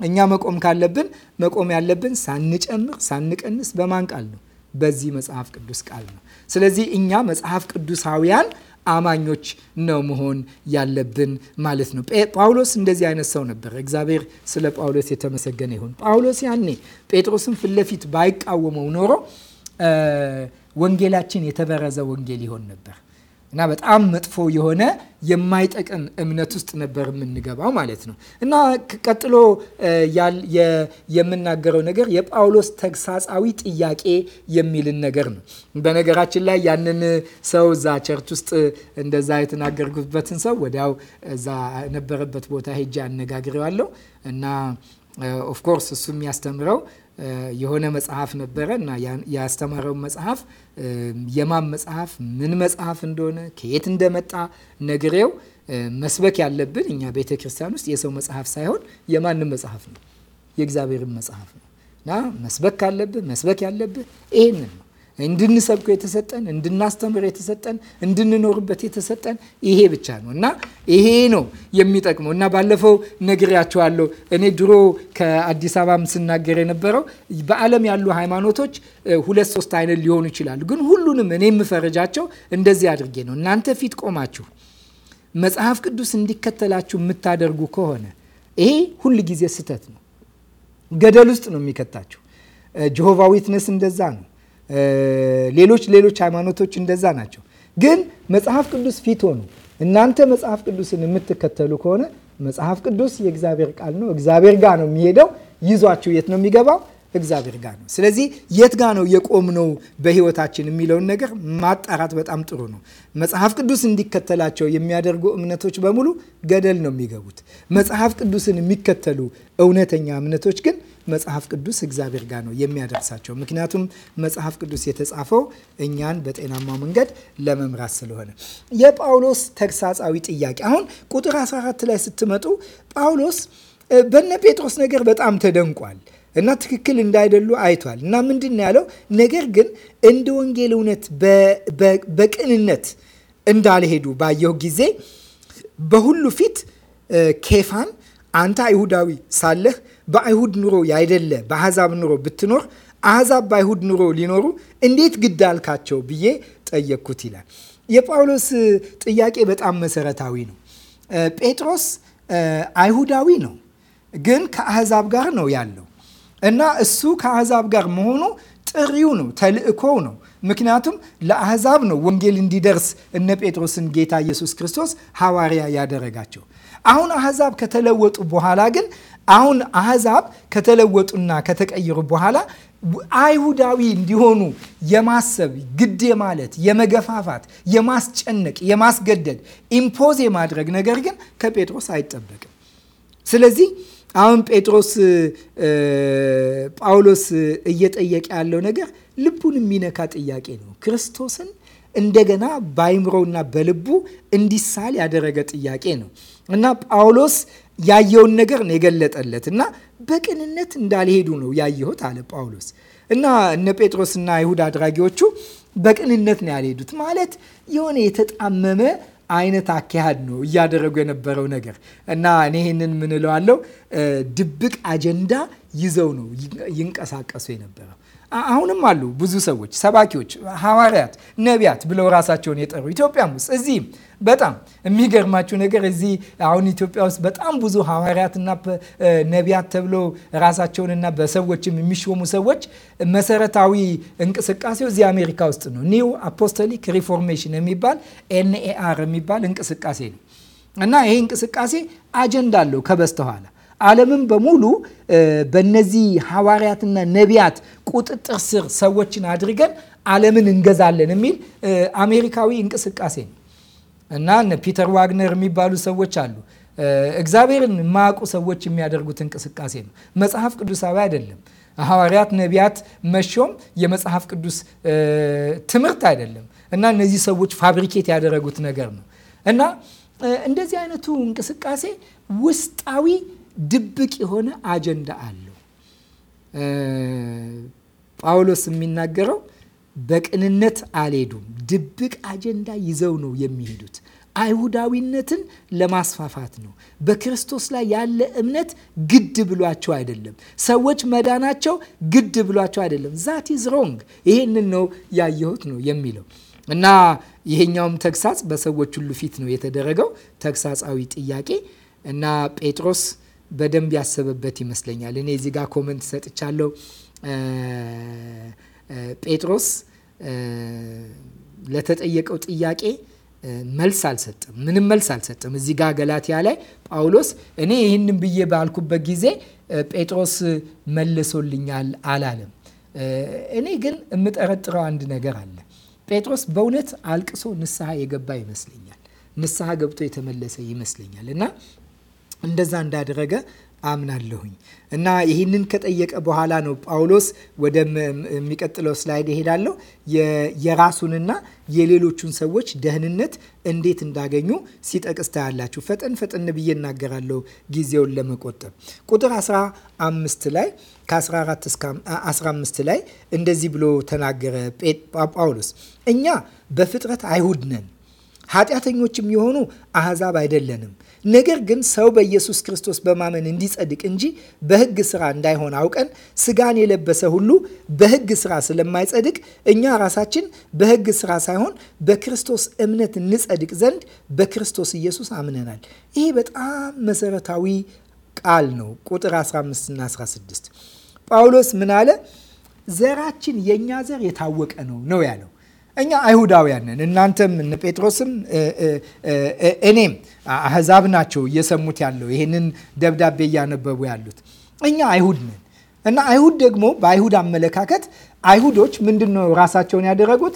እኛ መቆም ካለብን መቆም ያለብን ሳንጨምር ሳንቀንስ በማን ቃል ነው? በዚህ መጽሐፍ ቅዱስ ቃል ነው። ስለዚህ እኛ መጽሐፍ ቅዱሳውያን አማኞች ነው መሆን ያለብን ማለት ነው። ጳውሎስ እንደዚህ አይነት ሰው ነበር። እግዚአብሔር ስለ ጳውሎስ የተመሰገነ ይሁን። ጳውሎስ ያኔ ጴጥሮስን ፊት ለፊት ባይቃወመው ኖሮ ወንጌላችን የተበረዘ ወንጌል ይሆን ነበር። እና በጣም መጥፎ የሆነ የማይጠቅም እምነት ውስጥ ነበር የምንገባው ማለት ነው። እና ቀጥሎ የምናገረው ነገር የጳውሎስ ተግሳጻዊ ጥያቄ የሚልን ነገር ነው። በነገራችን ላይ ያንን ሰው እዛ ቸርች ውስጥ እንደዛ የተናገርኩበትን ሰው ወዲያው እዛ ነበረበት ቦታ ሄጄ አነጋግሬዋለሁ እና ኦፍኮርስ እሱ የሚያስተምረው የሆነ መጽሐፍ ነበረ እና ያስተማረው መጽሐፍ የማን መጽሐፍ ምን መጽሐፍ እንደሆነ ከየት እንደመጣ ነግሬው መስበክ ያለብን እኛ ቤተ ክርስቲያን ውስጥ የሰው መጽሐፍ ሳይሆን የማንም መጽሐፍ ነው፣ የእግዚአብሔርን መጽሐፍ ነው እና መስበክ ካለብህ መስበክ ያለብህ ይህንን እንድንሰብከው የተሰጠን፣ እንድናስተምር የተሰጠን፣ እንድንኖርበት የተሰጠን ይሄ ብቻ ነው እና ይሄ ነው የሚጠቅመው እና ባለፈው ነግሬያቸዋለሁ። እኔ ድሮ ከአዲስ አበባም ስናገር የነበረው በዓለም ያሉ ሃይማኖቶች ሁለት ሶስት አይነት ሊሆኑ ይችላሉ፣ ግን ሁሉንም እኔ የምፈረጃቸው እንደዚህ አድርጌ ነው። እናንተ ፊት ቆማችሁ መጽሐፍ ቅዱስ እንዲከተላችሁ የምታደርጉ ከሆነ ይሄ ሁል ጊዜ ስህተት ነው፣ ገደል ውስጥ ነው የሚከታችሁ። ጆሆቫ ዊትነስ እንደዛ ነው ሌሎች ሌሎች ሃይማኖቶች እንደዛ ናቸው። ግን መጽሐፍ ቅዱስ ፊት ሆኑ እናንተ መጽሐፍ ቅዱስን የምትከተሉ ከሆነ መጽሐፍ ቅዱስ የእግዚአብሔር ቃል ነው። እግዚአብሔር ጋር ነው የሚሄደው። ይዟችሁ የት ነው የሚገባው? እግዚአብሔር ጋር ነው። ስለዚህ የት ጋር ነው የቆምነው በህይወታችን የሚለውን ነገር ማጣራት በጣም ጥሩ ነው። መጽሐፍ ቅዱስ እንዲከተላቸው የሚያደርጉ እምነቶች በሙሉ ገደል ነው የሚገቡት። መጽሐፍ ቅዱስን የሚከተሉ እውነተኛ እምነቶች ግን መጽሐፍ ቅዱስ እግዚአብሔር ጋር ነው የሚያደርሳቸው። ምክንያቱም መጽሐፍ ቅዱስ የተጻፈው እኛን በጤናማ መንገድ ለመምራት ስለሆነ የጳውሎስ ተግሳጻዊ ጥያቄ አሁን ቁጥር 14 ላይ ስትመጡ ጳውሎስ በነ ጴጥሮስ ነገር በጣም ተደንቋል እና ትክክል እንዳይደሉ አይቷል እና ምንድን ያለው ነገር ግን እንደ ወንጌል እውነት በቅንነት እንዳልሄዱ ባየሁ ጊዜ በሁሉ ፊት ኬፋን አንተ አይሁዳዊ ሳለህ በአይሁድ ኑሮ ያይደለ በአሕዛብ ኑሮ ብትኖር አሕዛብ በአይሁድ ኑሮ ሊኖሩ እንዴት ግድ አልካቸው ብዬ ጠየቅኩት ይላል። የጳውሎስ ጥያቄ በጣም መሰረታዊ ነው። ጴጥሮስ አይሁዳዊ ነው፣ ግን ከአሕዛብ ጋር ነው ያለው እና እሱ ከአሕዛብ ጋር መሆኑ ጥሪው ነው፣ ተልእኮው ነው። ምክንያቱም ለአሕዛብ ነው ወንጌል እንዲደርስ እነ ጴጥሮስን ጌታ ኢየሱስ ክርስቶስ ሐዋርያ ያደረጋቸው። አሁን አሕዛብ ከተለወጡ በኋላ ግን አሁን አህዛብ ከተለወጡና ከተቀየሩ በኋላ አይሁዳዊ እንዲሆኑ የማሰብ ግድ የማለት የመገፋፋት፣ የማስጨነቅ፣ የማስገደድ ኢምፖዝ የማድረግ ነገር ግን ከጴጥሮስ አይጠበቅም። ስለዚህ አሁን ጴጥሮስ ጳውሎስ እየጠየቀ ያለው ነገር ልቡን የሚነካ ጥያቄ ነው። ክርስቶስን እንደገና በአይምሮና በልቡ እንዲሳል ያደረገ ጥያቄ ነው እና ጳውሎስ ያየውን ነገር ነው የገለጠለት እና በቅንነት እንዳልሄዱ ነው ያየሁት አለ ጳውሎስ እና እነ ጴጥሮስና አይሁድ አድራጊዎቹ በቅንነት ነው ያልሄዱት ማለት የሆነ የተጣመመ አይነት አካሄድ ነው እያደረጉ የነበረው ነገር እና እኔ ይህንን ምንለዋለው ድብቅ አጀንዳ ይዘው ነው ይንቀሳቀሱ የነበረው አሁንም አሉ ብዙ ሰዎች ሰባኪዎች፣ ሐዋርያት፣ ነቢያት ብለው ራሳቸውን የጠሩ ኢትዮጵያም ውስጥ እዚህም በጣም የሚገርማችሁ ነገር እዚህ አሁን ኢትዮጵያ ውስጥ በጣም ብዙ ሐዋርያትና ነቢያት ተብለው ራሳቸውንና በሰዎችም የሚሾሙ ሰዎች መሰረታዊ እንቅስቃሴው እዚህ አሜሪካ ውስጥ ነው። ኒው አፖስቶሊክ ሪፎርሜሽን የሚባል ኤንኤአር የሚባል እንቅስቃሴ ነው እና ይሄ እንቅስቃሴ አጀንዳ አለው ከበስተኋላ ዓለምን በሙሉ በነዚህ ሐዋርያትና ነቢያት ቁጥጥር ስር ሰዎችን አድርገን ዓለምን እንገዛለን የሚል አሜሪካዊ እንቅስቃሴ ነው እና ፒተር ዋግነር የሚባሉ ሰዎች አሉ። እግዚአብሔርን የማያውቁ ሰዎች የሚያደርጉት እንቅስቃሴ ነው። መጽሐፍ ቅዱሳዊ አይደለም። ሐዋርያት፣ ነቢያት መሾም የመጽሐፍ ቅዱስ ትምህርት አይደለም እና እነዚህ ሰዎች ፋብሪኬት ያደረጉት ነገር ነው እና እንደዚህ አይነቱ እንቅስቃሴ ውስጣዊ ድብቅ የሆነ አጀንዳ አለው። ጳውሎስ የሚናገረው በቅንነት አልሄዱም፣ ድብቅ አጀንዳ ይዘው ነው የሚሄዱት። አይሁዳዊነትን ለማስፋፋት ነው። በክርስቶስ ላይ ያለ እምነት ግድ ብሏቸው አይደለም። ሰዎች መዳናቸው ግድ ብሏቸው አይደለም። ዛት ኢዝ ሮንግ። ይሄንን ነው ያየሁት ነው የሚለው እና ይሄኛውም ተግሳጽ በሰዎች ሁሉ ፊት ነው የተደረገው ተግሳጻዊ ጥያቄ እና ጴጥሮስ በደንብ ያሰበበት ይመስለኛል። እኔ እዚህ ጋር ኮመንት ሰጥቻለሁ። ጴጥሮስ ለተጠየቀው ጥያቄ መልስ አልሰጥም። ምንም መልስ አልሰጥም። እዚህ ጋር ገላትያ ላይ ጳውሎስ እኔ ይህንን ብዬ ባልኩበት ጊዜ ጴጥሮስ መልሶልኛል አላለም። እኔ ግን የምጠረጥረው አንድ ነገር አለ። ጴጥሮስ በእውነት አልቅሶ ንስሐ የገባ ይመስለኛል። ንስሐ ገብቶ የተመለሰ ይመስለኛል እና እንደዛ እንዳደረገ አምናለሁኝ እና ይህንን ከጠየቀ በኋላ ነው ጳውሎስ የሚቀጥለው ስላይድ እሄዳለሁ። የራሱንና የሌሎቹን ሰዎች ደህንነት እንዴት እንዳገኙ ሲጠቅስ ታያላችሁ። ፈጠን ፈጠን ብዬ እናገራለሁ ጊዜውን ለመቆጠብ። ቁጥር 15 ላይ ከ14 እስከ 15 ላይ እንደዚህ ብሎ ተናገረ ጳውሎስ። እኛ በፍጥረት አይሁድ ነን፣ ኃጢአተኞችም የሆኑ አህዛብ አይደለንም ነገር ግን ሰው በኢየሱስ ክርስቶስ በማመን እንዲጸድቅ እንጂ በሕግ ስራ እንዳይሆን አውቀን ስጋን የለበሰ ሁሉ በሕግ ስራ ስለማይጸድቅ እኛ ራሳችን በሕግ ስራ ሳይሆን በክርስቶስ እምነት እንጸድቅ ዘንድ በክርስቶስ ኢየሱስ አምነናል። ይሄ በጣም መሰረታዊ ቃል ነው። ቁጥር 15ና 16 ጳውሎስ ምን አለ? ዘራችን የእኛ ዘር የታወቀ ነው ነው ያለው እኛ አይሁዳውያን ነን። እናንተም እነ ጴጥሮስም እኔም አህዛብ ናቸው እየሰሙት ያለው ይህንን ደብዳቤ እያነበቡ ያሉት እኛ አይሁድ ነን እና አይሁድ ደግሞ በአይሁድ አመለካከት አይሁዶች ምንድን ነው ራሳቸውን ያደረጉት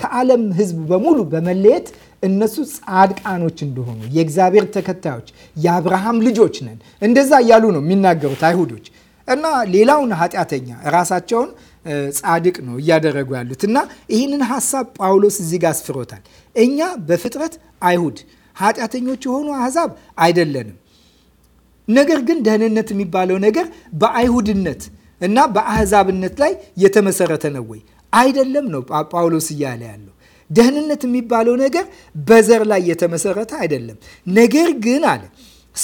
ከዓለም ሕዝብ በሙሉ በመለየት እነሱ ጻድቃኖች እንደሆኑ የእግዚአብሔር ተከታዮች የአብርሃም ልጆች ነን እንደዛ እያሉ ነው የሚናገሩት አይሁዶች እና ሌላውን ኃጢአተኛ ራሳቸውን ጻድቅ ነው እያደረጉ ያሉት እና ይህንን ሀሳብ ጳውሎስ እዚህ ጋር አስፍሮታል። እኛ በፍጥረት አይሁድ ኃጢአተኞች የሆኑ አሕዛብ አይደለንም። ነገር ግን ደህንነት የሚባለው ነገር በአይሁድነት እና በአሕዛብነት ላይ የተመሰረተ ነው ወይ? አይደለም ነው ጳውሎስ እያለ ያለው። ደህንነት የሚባለው ነገር በዘር ላይ የተመሰረተ አይደለም። ነገር ግን አለ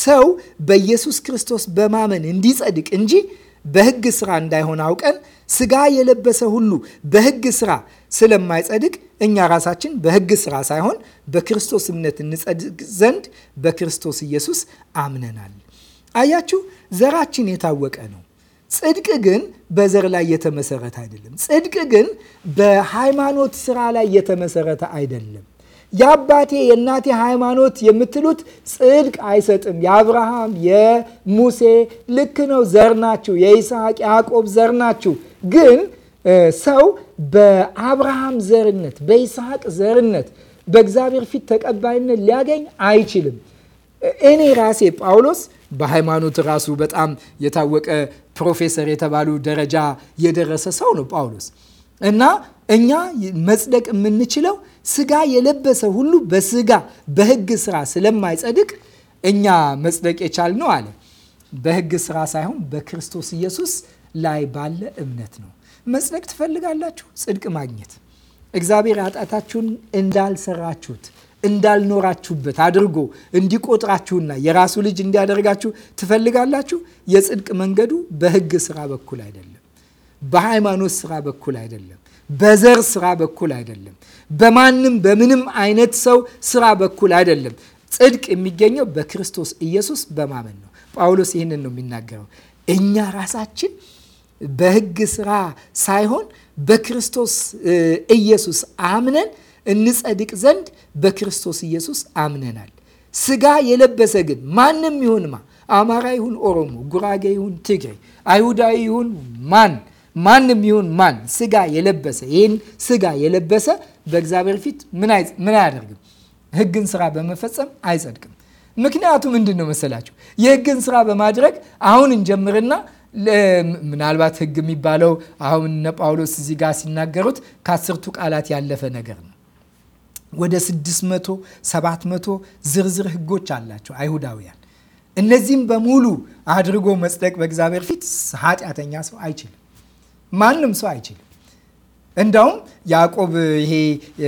ሰው በኢየሱስ ክርስቶስ በማመን እንዲጸድቅ እንጂ በህግ ስራ እንዳይሆን አውቀን ስጋ የለበሰ ሁሉ በህግ ስራ ስለማይጸድቅ እኛ ራሳችን በህግ ስራ ሳይሆን በክርስቶስ እምነት እንጸድቅ ዘንድ በክርስቶስ ኢየሱስ አምነናል። አያችሁ፣ ዘራችን የታወቀ ነው። ጽድቅ ግን በዘር ላይ የተመሰረተ አይደለም። ጽድቅ ግን በሃይማኖት ስራ ላይ የተመሰረተ አይደለም። የአባቴ የእናቴ ሃይማኖት የምትሉት ጽድቅ አይሰጥም። የአብርሃም የሙሴ ልክ ነው፣ ዘር ናችሁ፣ የይስሐቅ ያዕቆብ ዘር ናችሁ። ግን ሰው በአብርሃም ዘርነት በይስሐቅ ዘርነት በእግዚአብሔር ፊት ተቀባይነት ሊያገኝ አይችልም። እኔ ራሴ ጳውሎስ በሃይማኖት ራሱ በጣም የታወቀ ፕሮፌሰር የተባሉ ደረጃ የደረሰ ሰው ነው ጳውሎስ እና እኛ መጽደቅ የምንችለው ስጋ የለበሰ ሁሉ በስጋ በህግ ስራ ስለማይጸድቅ እኛ መጽደቅ የቻልነው አለ በህግ ስራ ሳይሆን በክርስቶስ ኢየሱስ ላይ ባለ እምነት ነው። መጽደቅ ትፈልጋላችሁ? ጽድቅ ማግኘት እግዚአብሔር ኃጢአታችሁን እንዳልሰራችሁት እንዳልኖራችሁበት አድርጎ እንዲቆጥራችሁና የራሱ ልጅ እንዲያደርጋችሁ ትፈልጋላችሁ? የጽድቅ መንገዱ በህግ ስራ በኩል አይደለም፣ በሃይማኖት ስራ በኩል አይደለም በዘር ስራ በኩል አይደለም። በማንም በምንም አይነት ሰው ስራ በኩል አይደለም። ጽድቅ የሚገኘው በክርስቶስ ኢየሱስ በማመን ነው። ጳውሎስ ይህንን ነው የሚናገረው። እኛ ራሳችን በህግ ስራ ሳይሆን በክርስቶስ ኢየሱስ አምነን እንጸድቅ ዘንድ በክርስቶስ ኢየሱስ አምነናል። ስጋ የለበሰ ግን ማንም ይሁንማ፣ አማራ ይሁን ኦሮሞ፣ ጉራጌ ይሁን ትግሬ፣ አይሁዳዊ ይሁን ማን ማንም ይሁን ማን ስጋ የለበሰ ይህን ስጋ የለበሰ በእግዚአብሔር ፊት ምን አያደርግም? ህግን ስራ በመፈጸም አይጸድቅም። ምክንያቱ ምንድን ነው መሰላችሁ? የህግን ስራ በማድረግ አሁን እንጀምርና ምናልባት ህግ የሚባለው አሁን እነ ጳውሎስ እዚህ ጋር ሲናገሩት ከአስርቱ ቃላት ያለፈ ነገር ነው። ወደ ስድስት መቶ ሰባት መቶ ዝርዝር ህጎች አላቸው አይሁዳውያን። እነዚህም በሙሉ አድርጎ መጽደቅ በእግዚአብሔር ፊት ኃጢአተኛ ሰው አይችልም። ማንም ሰው አይችልም። እንዳውም ያዕቆብ ይሄ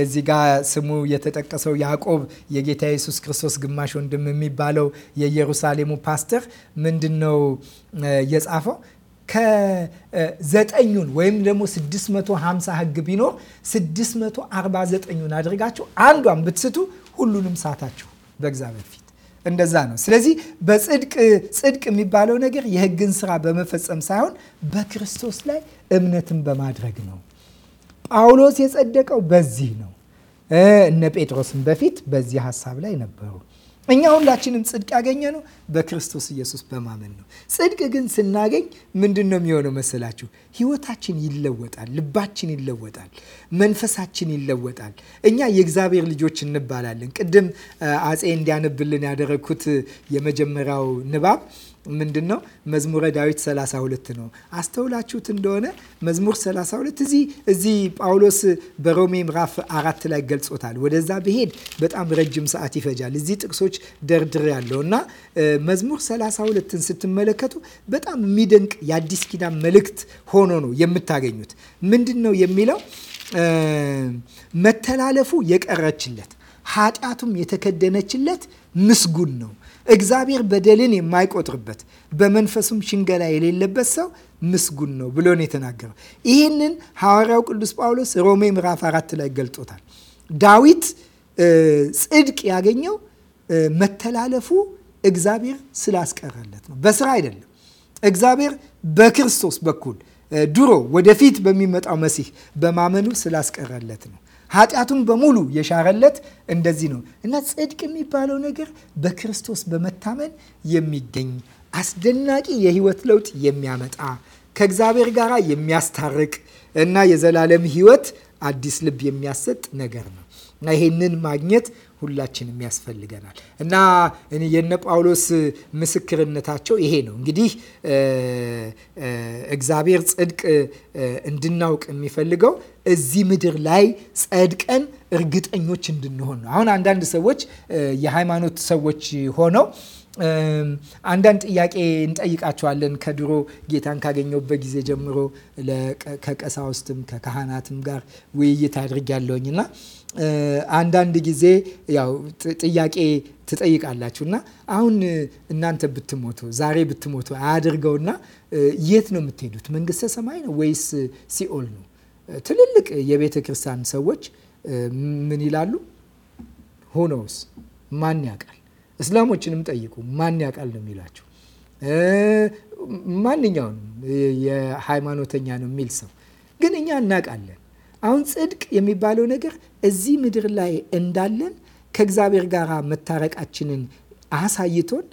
እዚህ ጋ ስሙ የተጠቀሰው ያዕቆብ የጌታ ኢየሱስ ክርስቶስ ግማሽ ወንድም የሚባለው የኢየሩሳሌሙ ፓስተር ምንድን ነው የጻፈው? ከዘጠኙን ወይም ደግሞ 650 ህግ ቢኖር 649ን አድርጋችሁ አንዷን ብትስቱ ሁሉንም ሳታችሁ በእግዚአብሔር ፊት እንደዛ ነው። ስለዚህ በጽድቅ ጽድቅ የሚባለው ነገር የህግን ስራ በመፈጸም ሳይሆን በክርስቶስ ላይ እምነትን በማድረግ ነው። ጳውሎስ የጸደቀው በዚህ ነው። እነ ጴጥሮስም በፊት በዚህ ሀሳብ ላይ ነበሩ። እኛ ሁላችንም ጽድቅ ያገኘነው በክርስቶስ ኢየሱስ በማመን ነው። ጽድቅ ግን ስናገኝ ምንድን ነው የሚሆነው መሰላችሁ? ህይወታችን ይለወጣል፣ ልባችን ይለወጣል፣ መንፈሳችን ይለወጣል። እኛ የእግዚአብሔር ልጆች እንባላለን። ቅድም አጼ እንዲያነብልን ያደረግኩት የመጀመሪያው ንባብ ምንድን ነው? መዝሙረ ዳዊት 32 ነው። አስተውላችሁት እንደሆነ መዝሙር 32 እዚህ እዚህ ጳውሎስ በሮሜ ምዕራፍ አራት ላይ ገልጾታል። ወደዛ ብሄድ በጣም ረጅም ሰዓት ይፈጃል። እዚህ ጥቅሶች ደርድር ያለው እና መዝሙር 32ን ስትመለከቱ በጣም የሚደንቅ የአዲስ ኪዳን መልእክት ሆኖ ነው የምታገኙት። ምንድን ነው የሚለው? መተላለፉ የቀረችለት ኃጢአቱም የተከደነችለት ምስጉን ነው እግዚአብሔር በደልን የማይቆጥርበት በመንፈሱም ሽንገላ የሌለበት ሰው ምስጉን ነው ብሎ ነው የተናገረው። ይህንን ሐዋርያው ቅዱስ ጳውሎስ ሮሜ ምዕራፍ አራት ላይ ገልጦታል። ዳዊት ጽድቅ ያገኘው መተላለፉ እግዚአብሔር ስላስቀረለት ነው፣ በስራ አይደለም። እግዚአብሔር በክርስቶስ በኩል ድሮ ወደፊት በሚመጣው መሲህ በማመኑ ስላስቀረለት ነው። ኃጢአቱን በሙሉ የሻረለት እንደዚህ ነው እና ጽድቅ የሚባለው ነገር በክርስቶስ በመታመን የሚገኝ አስደናቂ የህይወት ለውጥ የሚያመጣ ከእግዚአብሔር ጋር የሚያስታርቅ እና የዘላለም ህይወት አዲስ ልብ የሚያሰጥ ነገር ነው እና ይህንን ማግኘት ሁላችንም ያስፈልገናል እና የነ ጳውሎስ ምስክርነታቸው ይሄ ነው። እንግዲህ እግዚአብሔር ጽድቅ እንድናውቅ የሚፈልገው እዚህ ምድር ላይ ጸድቀን እርግጠኞች እንድንሆን ነው። አሁን አንዳንድ ሰዎች የሃይማኖት ሰዎች ሆነው አንዳንድ ጥያቄ እንጠይቃቸዋለን። ከድሮ ጌታን ካገኘሁበት ጊዜ ጀምሮ ከቀሳውስትም ከካህናትም ጋር ውይይት አድርጌያለሁኝ ያለውኝና አንዳንድ ጊዜ ያው ጥያቄ ትጠይቃላችሁ እና አሁን እናንተ ብትሞቱ ዛሬ ብትሞቱ አያድርገውና የት ነው የምትሄዱት? መንግስተ ሰማይ ነው ወይስ ሲኦል ነው? ትልልቅ የቤተ ክርስቲያን ሰዎች ምን ይላሉ? ሆኖስ ማን ያውቃል? እስላሞችንም ጠይቁ ማን ያውቃል ነው የሚላቸው። ማንኛውንም የሃይማኖተኛ ነው የሚል ሰው ግን እኛ እናውቃለን አሁን ጽድቅ የሚባለው ነገር እዚህ ምድር ላይ እንዳለን ከእግዚአብሔር ጋር መታረቃችንን አሳይቶን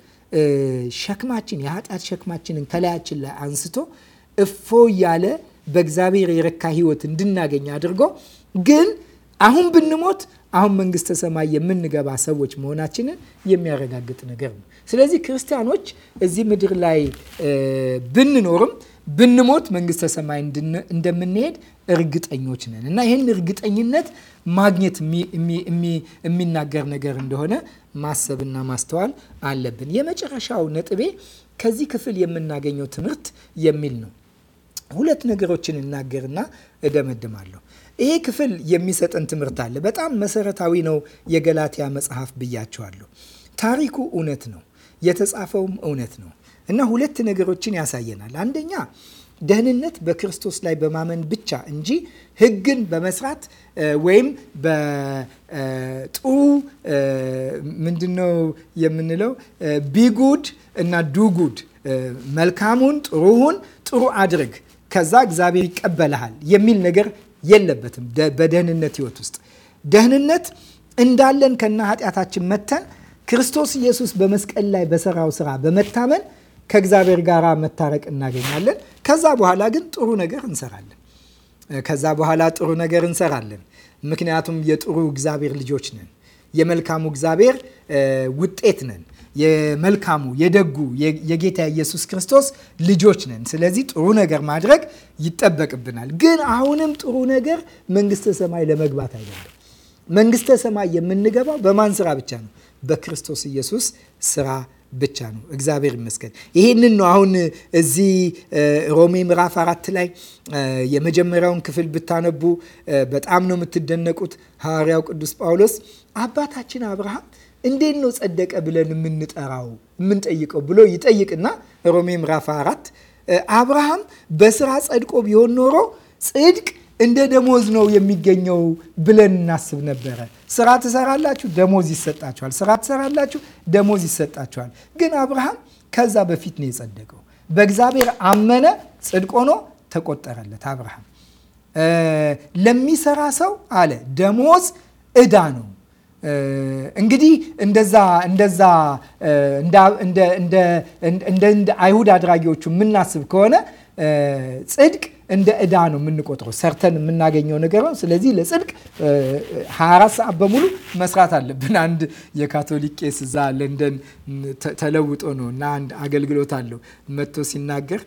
ሸክማችን የኃጢአት ሸክማችንን ከላያችን ላይ አንስቶ እፎ እያለ በእግዚአብሔር የረካ ህይወት እንድናገኝ አድርጎ ግን አሁን ብንሞት አሁን መንግስተ ሰማይ የምንገባ ሰዎች መሆናችንን የሚያረጋግጥ ነገር ነው። ስለዚህ ክርስቲያኖች እዚህ ምድር ላይ ብንኖርም ብንሞት መንግስተ ሰማይ እንደምንሄድ እርግጠኞች ነን እና ይህን እርግጠኝነት ማግኘት የሚናገር ነገር እንደሆነ ማሰብና ማስተዋል አለብን። የመጨረሻው ነጥቤ ከዚህ ክፍል የምናገኘው ትምህርት የሚል ነው። ሁለት ነገሮችን እናገርና እደመድማለሁ። ይሄ ክፍል የሚሰጠን ትምህርት አለ። በጣም መሰረታዊ ነው። የገላትያ መጽሐፍ ብያቸዋለሁ። ታሪኩ እውነት ነው። የተጻፈውም እውነት ነው። እና ሁለት ነገሮችን ያሳየናል። አንደኛ ደህንነት በክርስቶስ ላይ በማመን ብቻ እንጂ ሕግን በመስራት ወይም በጥሩ ምንድነው የምንለው ቢጉድ እና ዱጉድ መልካሙን፣ ጥሩውን ጥሩ አድርግ ከዛ እግዚአብሔር ይቀበልሃል የሚል ነገር የለበትም። በደህንነት ህይወት ውስጥ ደህንነት እንዳለን ከና ኃጢአታችን መተን ክርስቶስ ኢየሱስ በመስቀል ላይ በሰራው ስራ በመታመን ከእግዚአብሔር ጋር መታረቅ እናገኛለን። ከዛ በኋላ ግን ጥሩ ነገር እንሰራለን። ከዛ በኋላ ጥሩ ነገር እንሰራለን። ምክንያቱም የጥሩ እግዚአብሔር ልጆች ነን። የመልካሙ እግዚአብሔር ውጤት ነን። የመልካሙ የደጉ የጌታ ኢየሱስ ክርስቶስ ልጆች ነን። ስለዚህ ጥሩ ነገር ማድረግ ይጠበቅብናል። ግን አሁንም ጥሩ ነገር መንግስተ ሰማይ ለመግባት አይደለም። መንግስተ ሰማይ የምንገባው በማን ስራ ብቻ ነው? በክርስቶስ ኢየሱስ ስራ ብቻ ነው። እግዚአብሔር ይመስገን። ይህንን ነው አሁን እዚህ ሮሜ ምዕራፍ አራት ላይ የመጀመሪያውን ክፍል ብታነቡ በጣም ነው የምትደነቁት። ሐዋርያው ቅዱስ ጳውሎስ አባታችን አብርሃም እንዴት ነው ጸደቀ ብለን የምንጠራው የምንጠይቀው ብሎ ይጠይቅና ሮሜ ምዕራፍ አራት አብርሃም በስራ ጸድቆ ቢሆን ኖሮ ጽድቅ እንደ ደሞዝ ነው የሚገኘው ብለን እናስብ ነበረ። ስራ ትሰራላችሁ፣ ደሞዝ ይሰጣችኋል። ስራ ትሰራላችሁ፣ ደሞዝ ይሰጣችኋል። ግን አብርሃም ከዛ በፊት ነው የጸደቀው። በእግዚአብሔር አመነ፣ ጽድቅ ሆኖ ተቆጠረለት። አብርሃም ለሚሰራ ሰው አለ ደሞዝ እዳ ነው። እንግዲህ እንደዛ እንደዛ እንደ አይሁድ አድራጊዎቹ የምናስብ ከሆነ ጽድቅ እንደ እዳ ነው የምንቆጥረው፣ ሰርተን የምናገኘው ነገር ነው። ስለዚህ ለጽድቅ 24 ሰዓት በሙሉ መስራት አለብን። አንድ የካቶሊክ ቄስ እዛ ለንደን ተለውጦ ነው እና አንድ አገልግሎት አለው መጥቶ ሲናገር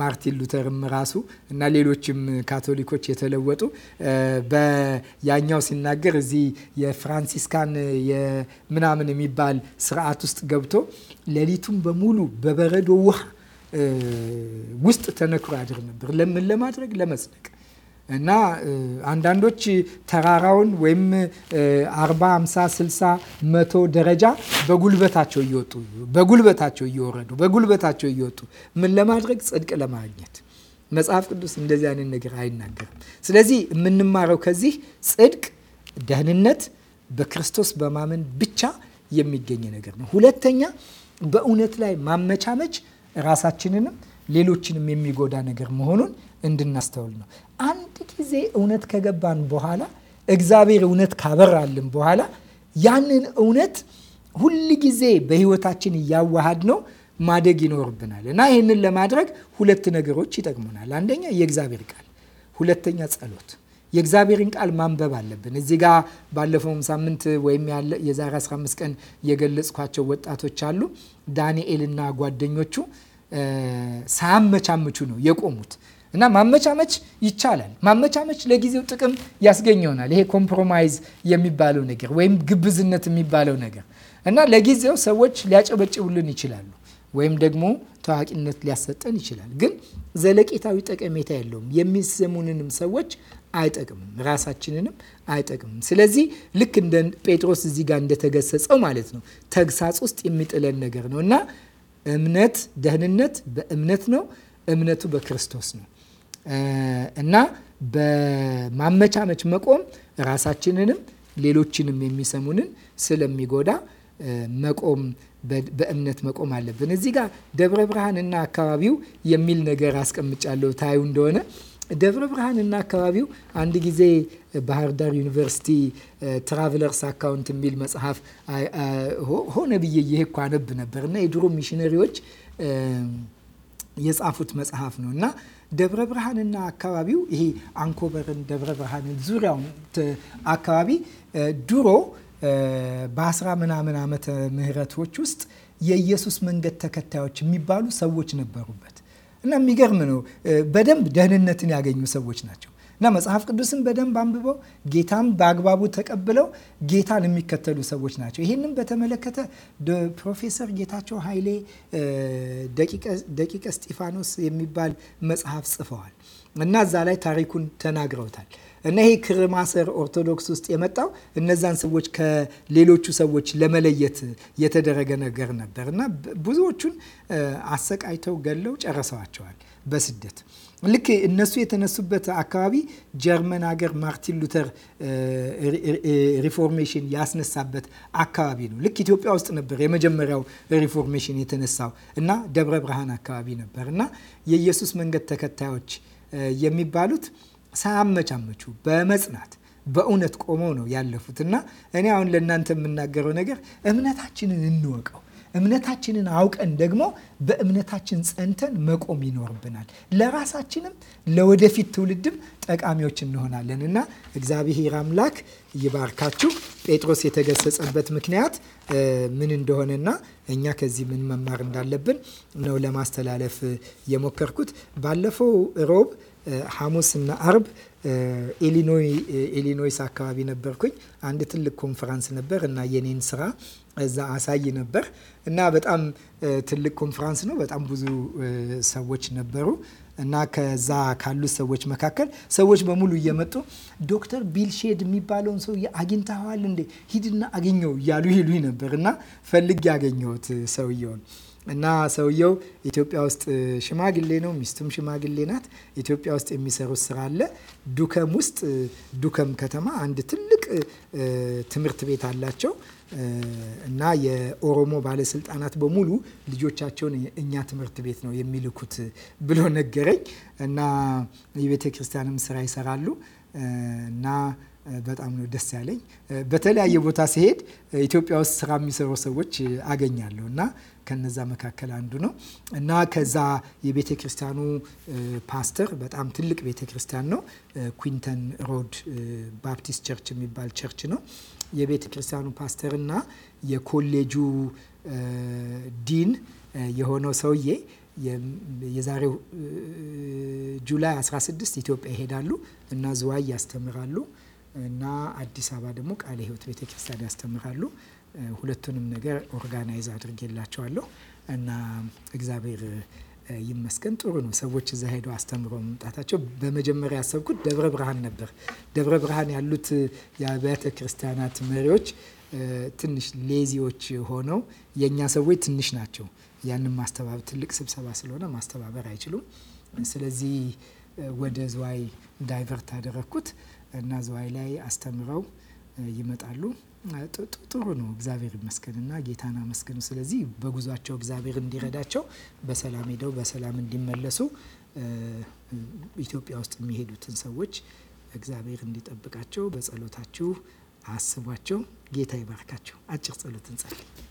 ማርቲን ሉተርም ራሱ እና ሌሎችም ካቶሊኮች የተለወጡ በያኛው ሲናገር እዚህ የፍራንሲስካን ምናምን የሚባል ስርዓት ውስጥ ገብቶ ሌሊቱን በሙሉ በበረዶ ውሃ ውስጥ ተነክሮ ያድር ነበር። ለምን ለማድረግ ለመጽደቅ እና አንዳንዶች ተራራውን ወይም 40፣ 50፣ 60፣ መቶ ደረጃ በጉልበታቸው እየወጡ በጉልበታቸው እየወረዱ በጉልበታቸው እየወጡ ምን ለማድረግ ጽድቅ ለማግኘት መጽሐፍ ቅዱስ እንደዚህ አይነት ነገር አይናገርም። ስለዚህ የምንማረው ከዚህ ጽድቅ፣ ደህንነት በክርስቶስ በማመን ብቻ የሚገኝ ነገር ነው። ሁለተኛ በእውነት ላይ ማመቻመች ራሳችንንም ሌሎችንም የሚጎዳ ነገር መሆኑን እንድናስተውል ነው። አንድ ጊዜ እውነት ከገባን በኋላ እግዚአብሔር እውነት ካበራልን በኋላ ያንን እውነት ሁል ጊዜ በህይወታችን እያዋሃድ ነው ማደግ ይኖርብናል እና ይህንን ለማድረግ ሁለት ነገሮች ይጠቅሙናል። አንደኛ የእግዚአብሔር ቃል፣ ሁለተኛ ጸሎት የእግዚአብሔርን ቃል ማንበብ አለብን። እዚህ ጋ ባለፈውም ሳምንት ወይም የዛሬ 15 ቀን የገለጽኳቸው ወጣቶች አሉ። ዳንኤልና ጓደኞቹ ሳያመቻምቹ ነው የቆሙት እና ማመቻመች ይቻላል። ማመቻመች ለጊዜው ጥቅም ያስገኝ ይሆናል። ይሄ ኮምፕሮማይዝ የሚባለው ነገር ወይም ግብዝነት የሚባለው ነገር እና ለጊዜው ሰዎች ሊያጨበጭቡልን ይችላሉ ወይም ደግሞ ታዋቂነት ሊያሰጠን ይችላል። ግን ዘለቄታዊ ጠቀሜታ የለውም። የሚሰሙንንም ሰዎች አይጠቅምም፣ ራሳችንንም አይጠቅምም። ስለዚህ ልክ እንደ ጴጥሮስ እዚህ ጋር እንደተገሰጸው ማለት ነው ተግሳጽ ውስጥ የሚጥለን ነገር ነው እና እምነት ደህንነት በእምነት ነው። እምነቱ በክርስቶስ ነው እና በማመቻመች መቆም ራሳችንንም ሌሎችንም የሚሰሙንን ስለሚጎዳ መቆም በእምነት መቆም አለብን። እዚህ ጋር ደብረ ብርሃንና እና አካባቢው የሚል ነገር አስቀምጫለሁ ታዩ እንደሆነ ደብረ ብርሃንና አካባቢው አንድ ጊዜ ባህር ዳር ዩኒቨርሲቲ ትራቭለርስ አካውንት የሚል መጽሐፍ ሆነ ብዬ ይሄ እኮ አነብ ነበር እና የድሮ ሚሽነሪዎች የጻፉት መጽሐፍ ነው እና ደብረ ብርሃንና አካባቢው ይሄ አንኮበርን ደብረ ብርሃንን ዙሪያውን አካባቢ ድሮ በአስራ ምናምን ዓመተ ምህረቶች ውስጥ የኢየሱስ መንገድ ተከታዮች የሚባሉ ሰዎች ነበሩበት። እና የሚገርም ነው። በደንብ ደህንነትን ያገኙ ሰዎች ናቸው። እና መጽሐፍ ቅዱስን በደንብ አንብበው ጌታን በአግባቡ ተቀብለው ጌታን የሚከተሉ ሰዎች ናቸው። ይህንም በተመለከተ ፕሮፌሰር ጌታቸው ኃይሌ ደቂቀ እስጢፋኖስ የሚባል መጽሐፍ ጽፈዋል እና እዛ ላይ ታሪኩን ተናግረውታል። እና ይሄ ክር ማሰር ኦርቶዶክስ ውስጥ የመጣው እነዛን ሰዎች ከሌሎቹ ሰዎች ለመለየት የተደረገ ነገር ነበር እና ብዙዎቹን አሰቃይተው ገለው ጨረሰዋቸዋል በስደት ልክ እነሱ የተነሱበት አካባቢ ጀርመን ሀገር ማርቲን ሉተር ሪፎርሜሽን ያስነሳበት አካባቢ ነው። ልክ ኢትዮጵያ ውስጥ ነበር የመጀመሪያው ሪፎርሜሽን የተነሳው እና ደብረ ብርሃን አካባቢ ነበር እና የኢየሱስ መንገድ ተከታዮች የሚባሉት ሳያመቻመቹ በመጽናት በእውነት ቆመው ነው ያለፉት እና እኔ አሁን ለእናንተ የምናገረው ነገር እምነታችንን እንወቀው። እምነታችንን አውቀን ደግሞ በእምነታችን ጸንተን መቆም ይኖርብናል። ለራሳችንም ለወደፊት ትውልድም ጠቃሚዎች እንሆናለን እና እግዚአብሔር አምላክ ይባርካችሁ። ጴጥሮስ የተገሰጸበት ምክንያት ምን እንደሆነና እኛ ከዚህ ምን መማር እንዳለብን ነው ለማስተላለፍ የሞከርኩት ባለፈው ሮብ ሐሙስ እና አርብ ኢሊኖይ ኢሊኖይስ አካባቢ ነበርኩኝ። አንድ ትልቅ ኮንፈራንስ ነበር እና የኔን ስራ እዛ አሳይ ነበር እና በጣም ትልቅ ኮንፈራንስ ነው። በጣም ብዙ ሰዎች ነበሩ እና ከዛ ካሉት ሰዎች መካከል ሰዎች በሙሉ እየመጡ ዶክተር ቢልሼድ የሚባለውን ሰው አግኝተዋል እንዴ? ሂድና አገኘው እያሉ ይሉኝ ነበር እና ፈልጌ ያገኘሁት ሰውየውን እና ሰውየው ኢትዮጵያ ውስጥ ሽማግሌ ነው፣ ሚስቱም ሽማግሌ ናት። ኢትዮጵያ ውስጥ የሚሰሩት ስራ አለ። ዱከም ውስጥ ዱከም ከተማ አንድ ትልቅ ትምህርት ቤት አላቸው እና የኦሮሞ ባለስልጣናት በሙሉ ልጆቻቸውን እኛ ትምህርት ቤት ነው የሚልኩት ብሎ ነገረኝ እና የቤተ ክርስቲያንም ስራ ይሰራሉ እና በጣም ነው ደስ ያለኝ። በተለያየ ቦታ ሲሄድ ኢትዮጵያ ውስጥ ስራ የሚሰሩ ሰዎች አገኛለሁ እና ከነዛ መካከል አንዱ ነው እና ከዛ የቤተ ክርስቲያኑ ፓስተር በጣም ትልቅ ቤተ ክርስቲያን ነው። ኩዊንተን ሮድ ባፕቲስት ቸርች የሚባል ቸርች ነው። የቤተ ክርስቲያኑ ፓስተር እና የኮሌጁ ዲን የሆነው ሰውዬ የዛሬው ጁላይ 16 ኢትዮጵያ ይሄዳሉ እና ዝዋይ ያስተምራሉ እና አዲስ አበባ ደግሞ ቃለ ሕይወት ቤተክርስቲያን ያስተምራሉ። ሁለቱንም ነገር ኦርጋናይዝ አድርጌላቸዋለሁ እና እግዚአብሔር ይመስገን ጥሩ ነው። ሰዎች እዛ ሄደው አስተምረው መምጣታቸው። በመጀመሪያ ያሰብኩት ደብረ ብርሃን ነበር። ደብረ ብርሃን ያሉት የአብያተ ክርስቲያናት መሪዎች ትንሽ ሌዚዎች ሆነው የእኛ ሰዎች ትንሽ ናቸው። ያንን ማስተባበር ትልቅ ስብሰባ ስለሆነ ማስተባበር አይችሉም። ስለዚህ ወደ ዝዋይ ዳይቨርት አደረግኩት እና ዝዋይ ላይ አስተምረው ይመጣሉ። ጥሩ ነው። እግዚአብሔር ይመስገን እና ጌታን አመስግኑ። ስለዚህ በጉዟቸው እግዚአብሔር እንዲረዳቸው በሰላም ሄደው በሰላም እንዲመለሱ ኢትዮጵያ ውስጥ የሚሄዱትን ሰዎች እግዚአብሔር እንዲጠብቃቸው በጸሎታችሁ አስቧቸው። ጌታ ይባርካቸው። አጭር ጸሎት እንጸልይ።